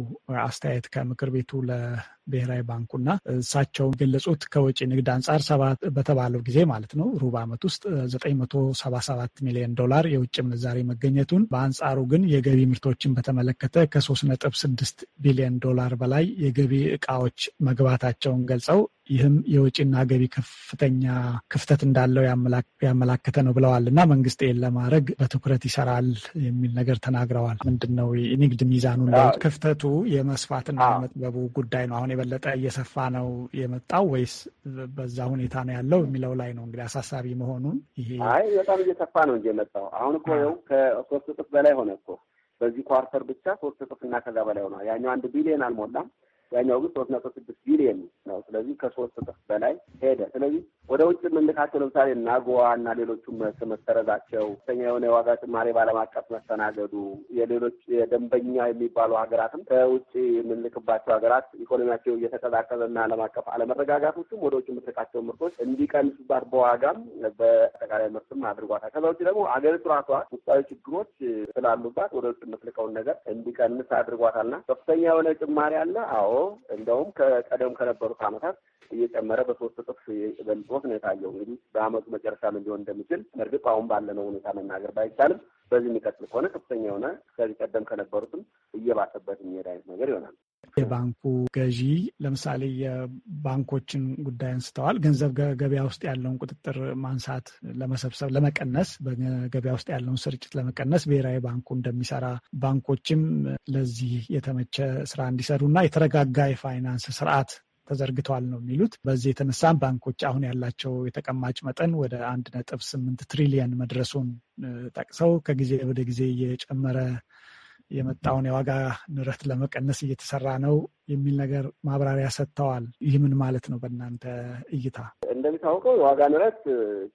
አስተያየት ከምክር ቤቱ ለብሔራዊ ባንኩና እሳቸው ገለጹት። ከውጭ ንግድ አንጻር ሰባት በተባለው ጊዜ ማለት ነው ሩብ ዓመት ውስጥ ዘጠኝ መቶ ሰባ ሰባት ሚሊዮን ዶላር የውጭ ምንዛሬ መገኘቱን በአንጻሩ ግን የገቢ ምርቶችን በተመለከተ ከሶስት ነጥብ ስድስት ቢሊዮን ዶላር በላይ የገቢ እቃዎች መግባታቸውን ገልጸው ይህም የውጭና ገቢ ከፍተኛ ክፍተት እንዳለው ያመላከተ ነው ብለዋል እና መንግስት ይህን ለማድረግ በትኩረት ይሰራል የሚል ነገር ተናግረዋል። ምንድን ነው የንግድ ሚዛኑ ክፍተቱ የመስፋትና የመጥበቡ ጉዳይ ነው። አሁን የበለጠ እየሰፋ ነው የመጣው ወይስ በዛ ሁኔታ ነው ያለው የሚለው ላይ ነው እንግዲህ አሳሳቢ መሆኑን። ይሄ አይ በጣም እየሰፋ ነው እንጂ የመጣው አሁን እኮ ይኸው ከሶስት እጥፍ በላይ ሆነ እኮ በዚህ ኳርተር ብቻ ሶስት እጥፍ እና ከዛ በላይ ሆነ። ያኛው አንድ ቢሊዮን አልሞላም ያኛው ግን ሶስት ነጥብ ስድስት ቢሊየን ነው። ስለዚህ ከሶስት እጥፍ በላይ ሄደ። ስለዚህ ወደ ውጭ የምንልካቸው ለምሳሌ ናጎዋ እና ሌሎቹም መሰረዛቸው ከፍተኛ የሆነ የዋጋ ጭማሪ በዓለም አቀፍ መስተናገዱ የሌሎች የደንበኛ የሚባሉ ሀገራትም ከውጭ የምንልክባቸው ሀገራት ኢኮኖሚያቸው እየተቀዛቀዘ እና ዓለም አቀፍ አለመረጋጋቶችም ወደ ውጭ የምትልካቸው ምርቶች እንዲቀንሱባት በዋጋም በአጠቃላይ ምርትም አድርጓታል። ከዛ ውጭ ደግሞ ሀገሪቱ ራሷ ውስጣዊ ችግሮች ስላሉባት ወደ ውጭ የምትልቀውን ነገር እንዲቀንስ አድርጓታልና ከፍተኛ የሆነ ጭማሪ አለ። አዎ እንደውም ከቀደም ከነበሩት ዓመታት እየጨመረ በሶስት እጥፍ በልጦት ነው የታየው። እንግዲህ በአመቱ መጨረሻ ምን ሊሆን እንደሚችል እርግጥ አሁን ባለነው ሁኔታ መናገር ባይቻልም በዚህ የሚቀጥል ከሆነ ከፍተኛ የሆነ ከዚህ ቀደም ከነበሩትም እየባሰበት የሚሄድ አይነት ነገር ይሆናል። የባንኩ ገዢ ለምሳሌ የባንኮችን ጉዳይ አንስተዋል። ገንዘብ ገበያ ውስጥ ያለውን ቁጥጥር ማንሳት ለመሰብሰብ፣ ለመቀነስ በገበያ ውስጥ ያለውን ስርጭት ለመቀነስ ብሔራዊ ባንኩ እንደሚሰራ ባንኮችም ለዚህ የተመቸ ስራ እንዲሰሩና የተረጋጋ የፋይናንስ ስርዓት ተዘርግተዋል ነው የሚሉት። በዚህ የተነሳ ባንኮች አሁን ያላቸው የተቀማጭ መጠን ወደ አንድ ነጥብ ስምንት ትሪሊየን መድረሱን ጠቅሰው ከጊዜ ወደ ጊዜ እየጨመረ የመጣውን የዋጋ ንረት ለመቀነስ እየተሰራ ነው የሚል ነገር ማብራሪያ ሰጥተዋል። ይህ ምን ማለት ነው በእናንተ እይታ? እንደሚታወቀው የዋጋ ንረት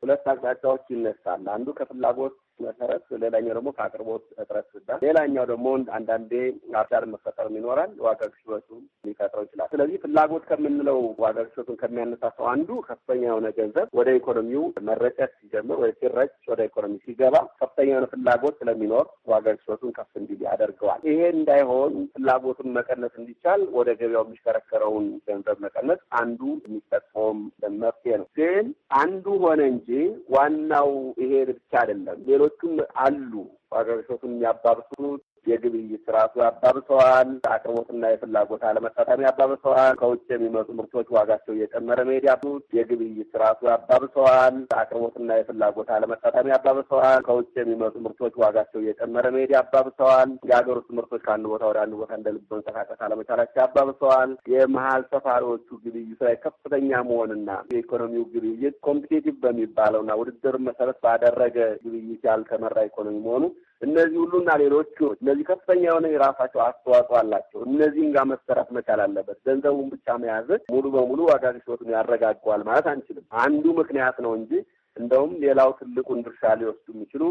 ሁለት አቅጣጫዎች ይነሳል። አንዱ ከፍላጎት መሰረት፣ ሌላኛው ደግሞ ከአቅርቦት እጥረት ስዳ፣ ሌላኛው ደግሞ አንዳንዴ አርዳር መፈጠርም ይኖራል። ዋጋ ግሽበቱ ሊፈጥረው ይችላል። ስለዚህ ፍላጎት ከምንለው ዋጋ ግሽበቱን ከሚያነሳሰው አንዱ ከፍተኛ የሆነ ገንዘብ ወደ ኢኮኖሚው መረጨት ሲጀምር ወይ ሲረጭ ወደ ኢኮኖሚ ሲገባ ከፍተኛ የሆነ ፍላጎት ስለሚኖር ዋጋ ግሽበቱን ከፍ እንዲል ያደርገዋል። ይሄ እንዳይሆን ፍላጎቱን መቀነስ እንዲቻል ወደ ገበያው የሚሽከረከረውን ገንዘብ መቀነስ አንዱ የሚጠቅመውም መፍትሄ ነው። ግን አንዱ ሆነ እንጂ ዋናው ይሄ ብቻ አይደለም። ሌሎች ሌሎቹም አሉ አገሪቱን የሚያባብሱት የግብይት ስርዓቱ ያባብሰዋል። አቅርቦትና የፍላጎት አለመጣጣም ያባብሰዋል። ከውጭ የሚመጡ ምርቶች ዋጋቸው እየጨመረ መሄድ ያሉት የግብይት ስርዓቱ ያባብሰዋል። አቅርቦትና የፍላጎት አለመጣጣም ያባብሰዋል። ከውጭ የሚመጡ ምርቶች ዋጋቸው እየጨመረ መሄድ ያባብሰዋል። የሀገር ውስጥ ምርቶች ከአንድ ቦታ ወደ አንድ ቦታ እንደ ልብ መንቀሳቀስ አለመቻላቸው ያባብሰዋል። የመሀል ሰፋሪዎቹ ግብይት ላይ ከፍተኛ መሆንና የኢኮኖሚው ግብይት ኮምፒቴቲቭ በሚባለውና ውድድር መሰረት ባደረገ ግብይት ያልተመራ ኢኮኖሚ መሆኑ እነዚህ ሁሉና ሌሎቹ እነዚህ ከፍተኛ የሆነ የራሳቸው አስተዋጽኦ አላቸው። እነዚህን ጋር መሰራት መቻል አለበት። ገንዘቡን ብቻ መያዝ ሙሉ በሙሉ ዋጋ ግሽበቱን ያረጋገዋል ማለት አንችልም። አንዱ ምክንያት ነው እንጂ እንደውም ሌላው ትልቁን ድርሻ ሊወስዱ የሚችሉ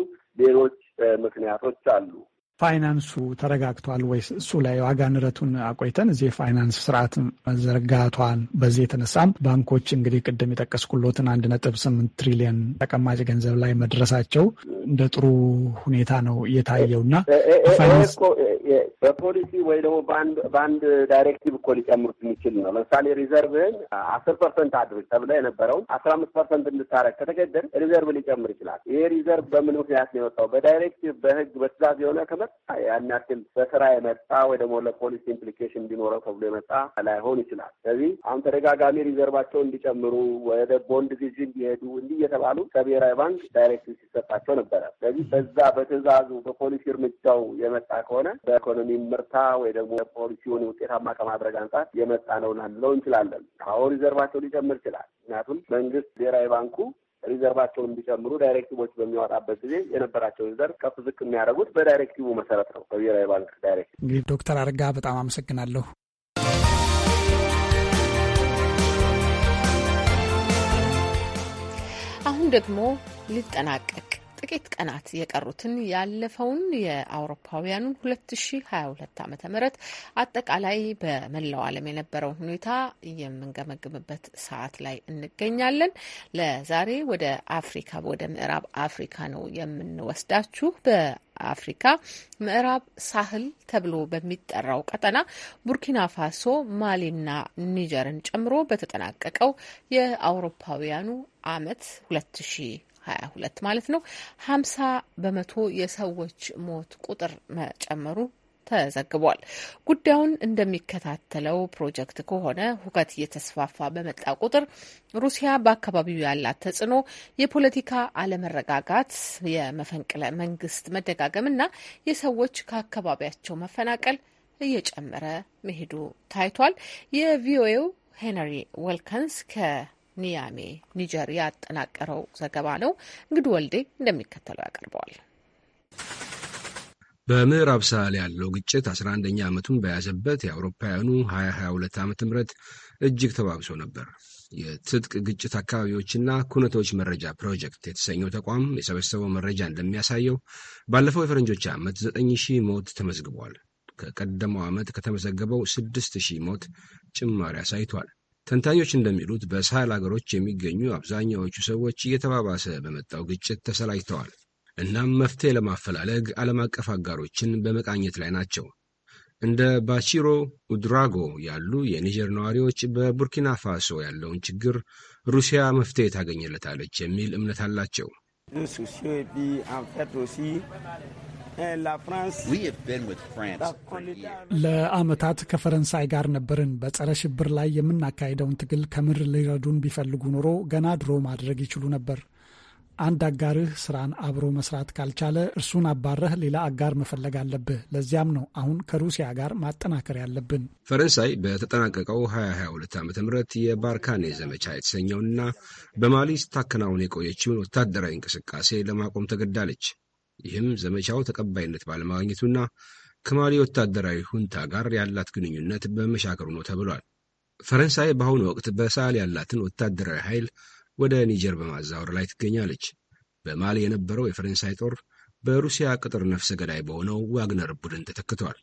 ሌሎች ምክንያቶች አሉ። ፋይናንሱ ተረጋግቷል ወይ? እሱ ላይ ዋጋ ንረቱን አቆይተን እዚህ የፋይናንስ ስርዓት መዘርጋቷን በዚህ የተነሳም ባንኮች እንግዲህ ቅድም የጠቀስኩሎትን አንድ ነጥብ ስምንት ትሪሊየን ተቀማጭ ገንዘብ ላይ መድረሳቸው እንደ ጥሩ ሁኔታ ነው እየታየው እና በፖሊሲ ወይ ደግሞ በአንድ ዳይሬክቲቭ እኮ ሊጨምሩት የሚችል ነው። ለምሳሌ ሪዘርቭህን አስር ፐርሰንት አድርግ ተብለ የነበረውን አስራ አምስት ፐርሰንት እንድታረግ ከተገደል ሪዘርቭ ሊጨምር ይችላል። ይሄ ሪዘርቭ በምን ምክንያት ነው የወጣው? በዳይሬክቲቭ በህግ በትእዛዝ የሆነ ከመ ያን ያክል በስራ የመጣ ወይ ደግሞ ለፖሊሲ ኢምፕሊኬሽን እንዲኖረው ተብሎ የመጣ ላይሆን ይችላል። ስለዚህ አሁን ተደጋጋሚ ሪዘርቫቸውን እንዲጨምሩ ወደ ቦንድ ግዢ እንዲሄዱ እንዲህ እየተባሉ ከብሔራዊ ባንክ ዳይሬክቲቭ ሲሰጣቸው ነበረ። ስለዚህ በዛ በትዕዛዙ በፖሊሲ እርምጃው የመጣ ከሆነ በኢኮኖሚ ምርታ ወይ ደግሞ ፖሊሲውን ውጤታማ ከማድረግ አንጻር የመጣ ነው ልንለው እንችላለን። አሁን ሪዘርቫቸው ሊጨምር ይችላል። ምክንያቱም መንግስት ብሔራዊ ባንኩ ሪዘርቫቸውን እንዲጨምሩ ዳይሬክቲቮች በሚያወጣበት ጊዜ የነበራቸው ሪዘርቭ ከፍ ዝቅ የሚያደርጉት በዳይሬክቲቭ መሰረት ነው፣ በብሔራዊ ባንክ ዳይሬክቲቭ። እንግዲህ ዶክተር አረጋ በጣም አመሰግናለሁ። አሁን ደግሞ ሊጠናቀቅ ጥቂት ቀናት የቀሩትን ያለፈውን የአውሮፓውያኑን 2022 ዓ ም አጠቃላይ በመላው ዓለም የነበረውን ሁኔታ የምንገመግምበት ሰዓት ላይ እንገኛለን። ለዛሬ ወደ አፍሪካ ወደ ምዕራብ አፍሪካ ነው የምንወስዳችሁ። በአፍሪካ ምዕራብ ሳህል ተብሎ በሚጠራው ቀጠና ቡርኪና ፋሶ፣ ማሊና ኒጀርን ጨምሮ በተጠናቀቀው የአውሮፓውያኑ አመት 20 22 ማለት ነው 50 በመቶ የሰዎች ሞት ቁጥር መጨመሩ ተዘግቧል። ጉዳዩን እንደሚከታተለው ፕሮጀክት ከሆነ ሁከት እየተስፋፋ በመጣ ቁጥር ሩሲያ በአካባቢው ያላት ተጽዕኖ የፖለቲካ አለመረጋጋት፣ የመፈንቅለ መንግስት መደጋገም እና የሰዎች ከአካባቢያቸው መፈናቀል እየጨመረ መሄዱ ታይቷል። የቪኦኤው ሄንሪ ዌልከንስ ከ ኒያሜ ኒጀር ያጠናቀረው ዘገባ ነው። እንግዲህ ወልዴ እንደሚከተለው ያቀርበዋል። በምዕራብ ሳህል ያለው ግጭት 11ኛ ዓመቱን በያዘበት የአውሮፓውያኑ 2022 ዓ ም እጅግ ተባብሶ ነበር። የትጥቅ ግጭት አካባቢዎችና ኩነቶች መረጃ ፕሮጀክት የተሰኘው ተቋም የሰበሰበው መረጃ እንደሚያሳየው ባለፈው የፈረንጆች ዓመት 9000 ሞት ተመዝግቧል። ከቀደመው ዓመት ከተመዘገበው 6000 ሞት ጭማሪ አሳይቷል። ተንታኞች እንደሚሉት በሳህል አገሮች የሚገኙ አብዛኛዎቹ ሰዎች እየተባባሰ በመጣው ግጭት ተሰላጅተዋል። እናም መፍትሄ ለማፈላለግ ዓለም አቀፍ አጋሮችን በመቃኘት ላይ ናቸው። እንደ ባቺሮ ኡድራጎ ያሉ የኒጀር ነዋሪዎች በቡርኪና ፋሶ ያለውን ችግር ሩሲያ መፍትሄ ታገኝለታለች የሚል እምነት አላቸው። Insoucieux et puis en fait aussi ለአመታት ከፈረንሳይ ጋር ነበርን። በጸረ ሽብር ላይ የምናካሄደውን ትግል ከምር ሊረዱን ቢፈልጉ ኑሮ ገና ድሮ ማድረግ ይችሉ ነበር። አንድ አጋርህ ስራን አብሮ መስራት ካልቻለ እርሱን አባረህ ሌላ አጋር መፈለግ አለብህ። ለዚያም ነው አሁን ከሩሲያ ጋር ማጠናከር ያለብን። ፈረንሳይ በተጠናቀቀው 2022 ዓ ም የባርካኔ ዘመቻ የተሰኘውንና በማሊ ስታከናውን የቆየችውን ወታደራዊ እንቅስቃሴ ለማቆም ተገድዳለች። ይህም ዘመቻው ተቀባይነት ባለማግኘቱና ከማሊ ወታደራዊ ሁንታ ጋር ያላት ግንኙነት በመሻከሩ ነው ተብሏል። ፈረንሳይ በአሁኑ ወቅት በሳህል ያላትን ወታደራዊ ኃይል ወደ ኒጀር በማዛወር ላይ ትገኛለች። በማሊ የነበረው የፈረንሳይ ጦር በሩሲያ ቅጥር ነፍሰ ገዳይ በሆነው ዋግነር ቡድን ተተክቷል።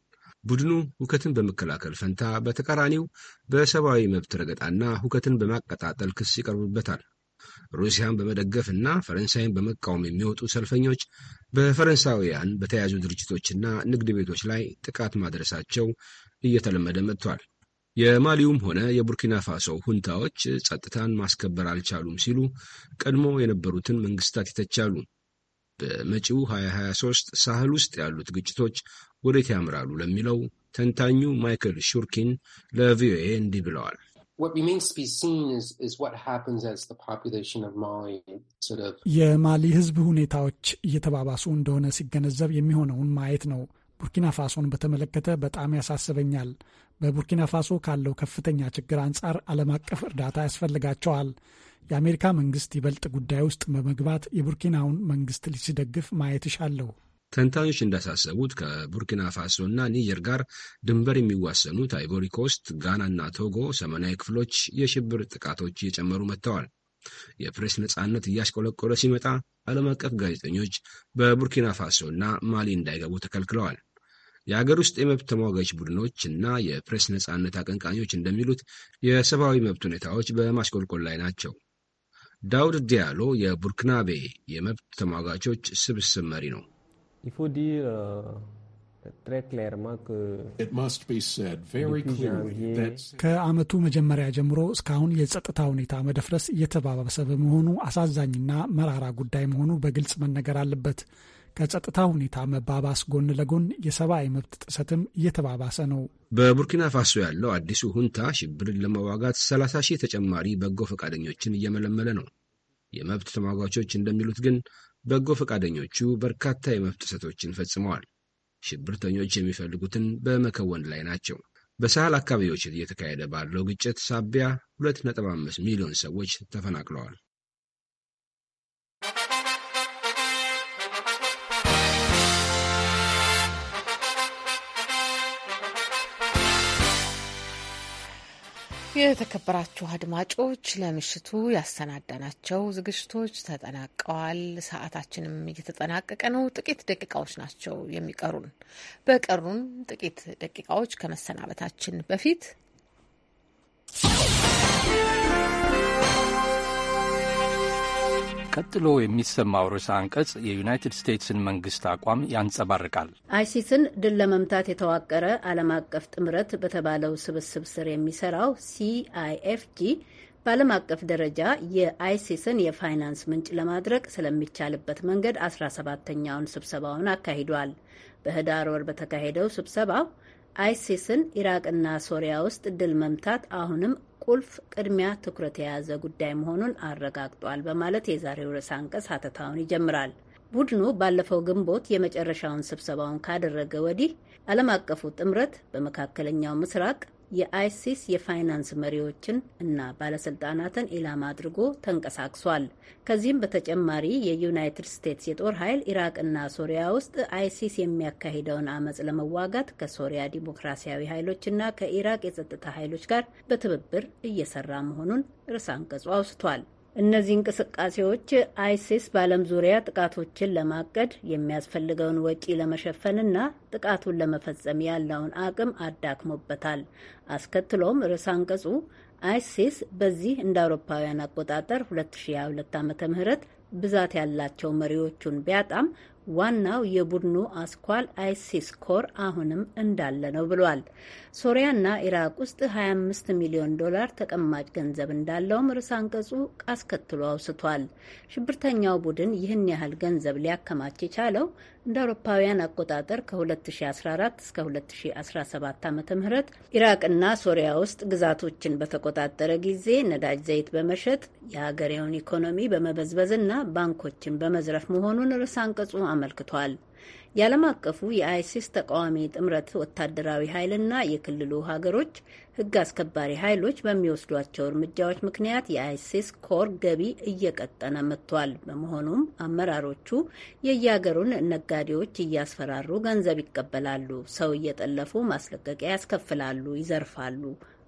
ቡድኑ ሁከትን በመከላከል ፈንታ በተቃራኒው በሰብአዊ መብት ረገጣና ሁከትን በማቀጣጠል ክስ ይቀርብበታል። ሩሲያን በመደገፍ እና ፈረንሳይን በመቃወም የሚወጡ ሰልፈኞች በፈረንሳውያን በተያዙ ድርጅቶችና ንግድ ቤቶች ላይ ጥቃት ማድረሳቸው እየተለመደ መጥቷል። የማሊውም ሆነ የቡርኪና ፋሶ ሁንታዎች ጸጥታን ማስከበር አልቻሉም ሲሉ ቀድሞ የነበሩትን መንግስታት ይተቻሉ። በመጪው 2023 ሳህል ውስጥ ያሉት ግጭቶች ወዴት ያምራሉ ለሚለው ተንታኙ ማይክል ሹርኪን ለቪኦኤ እንዲህ ብለዋል። የማሊ ሕዝብ ሁኔታዎች እየተባባሱ እንደሆነ ሲገነዘብ የሚሆነውን ማየት ነው። ቡርኪና ፋሶን በተመለከተ በጣም ያሳስበኛል። በቡርኪና ፋሶ ካለው ከፍተኛ ችግር አንጻር ዓለም አቀፍ እርዳታ ያስፈልጋቸዋል። የአሜሪካ መንግስት ይበልጥ ጉዳይ ውስጥ በመግባት የቡርኪናውን መንግስት ሲደግፍ ማየት ይሻለሁ። ተንታኞች እንዳሳሰቡት ከቡርኪና ፋሶ እና ኒጀር ጋር ድንበር የሚዋሰኑት አይቮሪኮስት፣ ጋና እና ቶጎ ሰሜናዊ ክፍሎች የሽብር ጥቃቶች እየጨመሩ መጥተዋል። የፕሬስ ነጻነት እያሽቆለቆለ ሲመጣ ዓለም አቀፍ ጋዜጠኞች በቡርኪና ፋሶ እና ማሊ እንዳይገቡ ተከልክለዋል። የአገር ውስጥ የመብት ተሟጋች ቡድኖች እና የፕሬስ ነፃነት አቀንቃኞች እንደሚሉት የሰብአዊ መብት ሁኔታዎች በማሽቆልቆል ላይ ናቸው። ዳውድ ዲያሎ የቡርኪናቤ የመብት ተሟጋቾች ስብስብ መሪ ነው። euh, ከዓመቱ መጀመሪያ ጀምሮ እስካሁን የጸጥታ ሁኔታ መደፍረስ እየተባባሰ በመሆኑ አሳዛኝና መራራ ጉዳይ መሆኑ በግልጽ መነገር አለበት። ከጸጥታ ሁኔታ መባባስ ጎን ለጎን የሰብአዊ መብት ጥሰትም እየተባባሰ ነው። በቡርኪና ፋሶ ያለው አዲሱ ሁንታ ሽብርን ለመዋጋት 30 ሺህ ተጨማሪ በጎ ፈቃደኞችን እየመለመለ ነው። የመብት ተሟጋቾች እንደሚሉት ግን በጎ ፈቃደኞቹ በርካታ የመብት ጥሰቶችን ፈጽመዋል። ሽብርተኞች የሚፈልጉትን በመከወን ላይ ናቸው። በሳህል አካባቢዎች እየተካሄደ ባለው ግጭት ሳቢያ 2.5 ሚሊዮን ሰዎች ተፈናቅለዋል። የተከበራችሁ አድማጮች ለምሽቱ ያሰናዳናቸው ዝግጅቶች ተጠናቀዋል። ሰዓታችንም እየተጠናቀቀ ነው። ጥቂት ደቂቃዎች ናቸው የሚቀሩን። በቀሩን ጥቂት ደቂቃዎች ከመሰናበታችን በፊት ቀጥሎ የሚሰማው ርዕሰ አንቀጽ የዩናይትድ ስቴትስን መንግስት አቋም ያንጸባርቃል። አይሲስን ድል ለመምታት የተዋቀረ ዓለም አቀፍ ጥምረት በተባለው ስብስብ ስር የሚሰራው ሲአይኤፍጂ በዓለም አቀፍ ደረጃ የአይሲስን የፋይናንስ ምንጭ ለማድረግ ስለሚቻልበት መንገድ 1 ሰባተኛውን ስብሰባውን አካሂዷል። በህዳር ወር በተካሄደው ስብሰባው አይሲስን ኢራቅና ሶሪያ ውስጥ ድል መምታት አሁንም ቁልፍ ቅድሚያ ትኩረት የያዘ ጉዳይ መሆኑን አረጋግጧል በማለት የዛሬው ርዕሰ አንቀጽ ሀተታውን ይጀምራል። ቡድኑ ባለፈው ግንቦት የመጨረሻውን ስብሰባውን ካደረገ ወዲህ ዓለም አቀፉ ጥምረት በመካከለኛው ምስራቅ የአይሲስ የፋይናንስ መሪዎችን እና ባለስልጣናትን ኢላማ አድርጎ ተንቀሳቅሷል። ከዚህም በተጨማሪ የዩናይትድ ስቴትስ የጦር ኃይል ኢራቅና ሶሪያ ውስጥ አይሲስ የሚያካሂደውን አመፅ ለመዋጋት ከሶሪያ ዲሞክራሲያዊ ኃይሎችና ከኢራቅ የጸጥታ ኃይሎች ጋር በትብብር እየሰራ መሆኑን ርዕሰ አንቀጹ አውስቷል። እነዚህ እንቅስቃሴዎች አይሲስ በዓለም ዙሪያ ጥቃቶችን ለማቀድ የሚያስፈልገውን ወጪ ለመሸፈንና ጥቃቱን ለመፈጸም ያለውን አቅም አዳክሞበታል። አስከትሎም ርዕሰ አንቀጹ አይሲስ በዚህ እንደ አውሮፓውያን አቆጣጠር 2022 ዓ ም ብዛት ያላቸው መሪዎቹን ቢያጣም ዋናው የቡድኑ አስኳል አይሲስ ኮር አሁንም እንዳለ ነው ብሏል። ሶሪያና ኢራቅ ውስጥ 25 ሚሊዮን ዶላር ተቀማጭ ገንዘብ እንዳለውም ርዕሰ አንቀጹ አስከትሎ አውስቷል። ሽብርተኛው ቡድን ይህን ያህል ገንዘብ ሊያከማች የቻለው እንደ አውሮፓውያን አቆጣጠር ከ2014 እስከ 2017 ዓ ም ኢራቅና ሶሪያ ውስጥ ግዛቶችን በተቆጣጠረ ጊዜ ነዳጅ ዘይት በመሸጥ የሀገሬውን ኢኮኖሚ በመበዝበዝና ባንኮችን በመዝረፍ መሆኑን ርዕሰ አንቀጹ አመልክቷል። የዓለም አቀፉ የአይሲስ ተቃዋሚ ጥምረት ወታደራዊ ኃይልና የክልሉ ሀገሮች ሕግ አስከባሪ ኃይሎች በሚወስዷቸው እርምጃዎች ምክንያት የአይሲስ ኮር ገቢ እየቀጠነ መጥቷል። በመሆኑም አመራሮቹ የየሀገሩን ነጋዴዎች እያስፈራሩ ገንዘብ ይቀበላሉ፣ ሰው እየጠለፉ ማስለቀቂያ ያስከፍላሉ፣ ይዘርፋሉ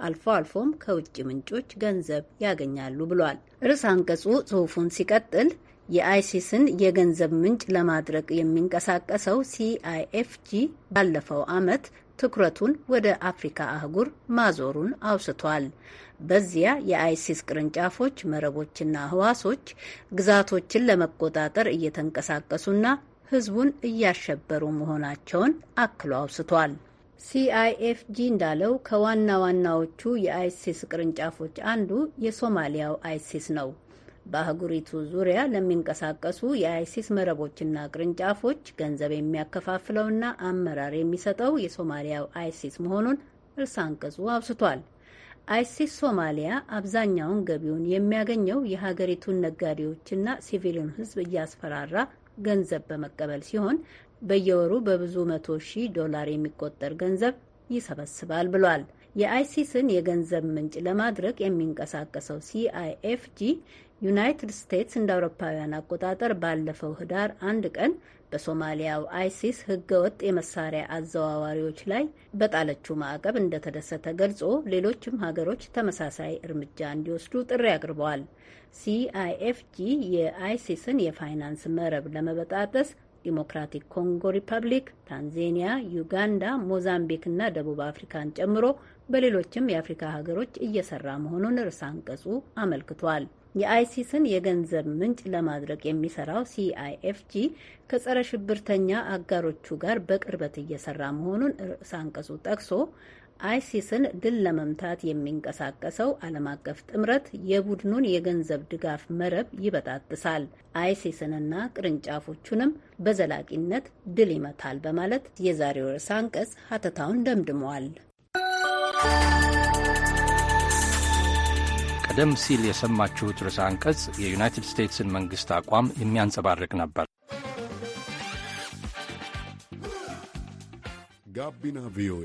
አልፎ አልፎም ከውጭ ምንጮች ገንዘብ ያገኛሉ ብሏል። ርዕስ አንቀጹ ጽሑፉን ሲቀጥል የአይሲስን የገንዘብ ምንጭ ለማድረግ የሚንቀሳቀሰው ሲአይኤፍጂ ባለፈው ዓመት ትኩረቱን ወደ አፍሪካ አህጉር ማዞሩን አውስቷል። በዚያ የአይሲስ ቅርንጫፎች መረቦችና ህዋሶች ግዛቶችን ለመቆጣጠር እየተንቀሳቀሱና ህዝቡን እያሸበሩ መሆናቸውን አክሎ አውስቷል። ሲአይኤፍጂ እንዳለው ከዋና ዋናዎቹ የአይሲስ ቅርንጫፎች አንዱ የሶማሊያው አይሲስ ነው። በአህጉሪቱ ዙሪያ ለሚንቀሳቀሱ የአይሲስ መረቦችና ቅርንጫፎች ገንዘብ የሚያከፋፍለውና አመራር የሚሰጠው የሶማሊያው አይሲስ መሆኑን እርስ አንቀጹ አብስቷል። አይሲስ ሶማሊያ አብዛኛውን ገቢውን የሚያገኘው የሀገሪቱን ነጋዴዎችና ሲቪሉን ሕዝብ እያስፈራራ ገንዘብ በመቀበል ሲሆን በየወሩ በብዙ መቶ ሺህ ዶላር የሚቆጠር ገንዘብ ይሰበስባል ብሏል። የአይሲስን የገንዘብ ምንጭ ለማድረግ የሚንቀሳቀሰው ሲአይኤፍጂ ዩናይትድ ስቴትስ እንደ አውሮፓውያን አቆጣጠር ባለፈው ህዳር አንድ ቀን በሶማሊያው አይሲስ ህገወጥ የመሳሪያ አዘዋዋሪዎች ላይ በጣለችው ማዕቀብ እንደተደሰተ ገልጾ ሌሎችም ሀገሮች ተመሳሳይ እርምጃ እንዲወስዱ ጥሪ አቅርበዋል። ሲአይኤፍጂ የአይሲስን የፋይናንስ መረብ ለመበጣጠስ ዲሞክራቲክ ኮንጎ ሪፐብሊክ፣ ታንዜኒያ፣ ዩጋንዳ፣ ሞዛምቢክ እና ደቡብ አፍሪካን ጨምሮ በሌሎችም የአፍሪካ ሀገሮች እየሰራ መሆኑን ርዕሰ አንቀጹ አመልክቷል። የአይሲስን የገንዘብ ምንጭ ለማድረግ የሚሰራው ሲአይኤፍጂ ከጸረ ሽብርተኛ አጋሮቹ ጋር በቅርበት እየሰራ መሆኑን ርዕሰ አንቀጹ ጠቅሶ አይሲስን ድል ለመምታት የሚንቀሳቀሰው ዓለም አቀፍ ጥምረት የቡድኑን የገንዘብ ድጋፍ መረብ ይበጣጥሳል፣ አይሲስንና ቅርንጫፎቹንም በዘላቂነት ድል ይመታል በማለት የዛሬው ርዕሰ አንቀጽ ሀተታውን ደምድመዋል። ቀደም ሲል የሰማችሁት ርዕሰ አንቀጽ የዩናይትድ ስቴትስን መንግሥት አቋም የሚያንጸባርቅ ነበር። ጋቢና ቪኦኤ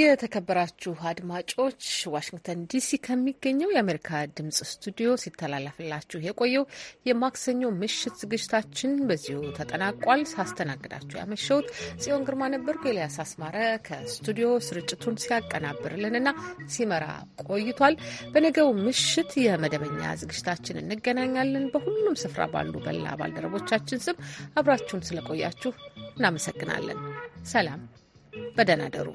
የተከበራችሁ አድማጮች ዋሽንግተን ዲሲ ከሚገኘው የአሜሪካ ድምጽ ስቱዲዮ ሲተላለፍላችሁ የቆየው የማክሰኞ ምሽት ዝግጅታችን በዚሁ ተጠናቋል። ሳስተናግዳችሁ ያመሸውት ጽዮን ግርማ ነበርኩ። ኤልያስ አስማረ ከስቱዲዮ ስርጭቱን ሲያቀናብርልንና ሲመራ ቆይቷል። በነገው ምሽት የመደበኛ ዝግጅታችን እንገናኛለን። በሁሉም ስፍራ ባሉ በላ ባልደረቦቻችን ስም አብራችሁን ስለቆያችሁ እናመሰግናለን። ሰላም በደህና ደሩ።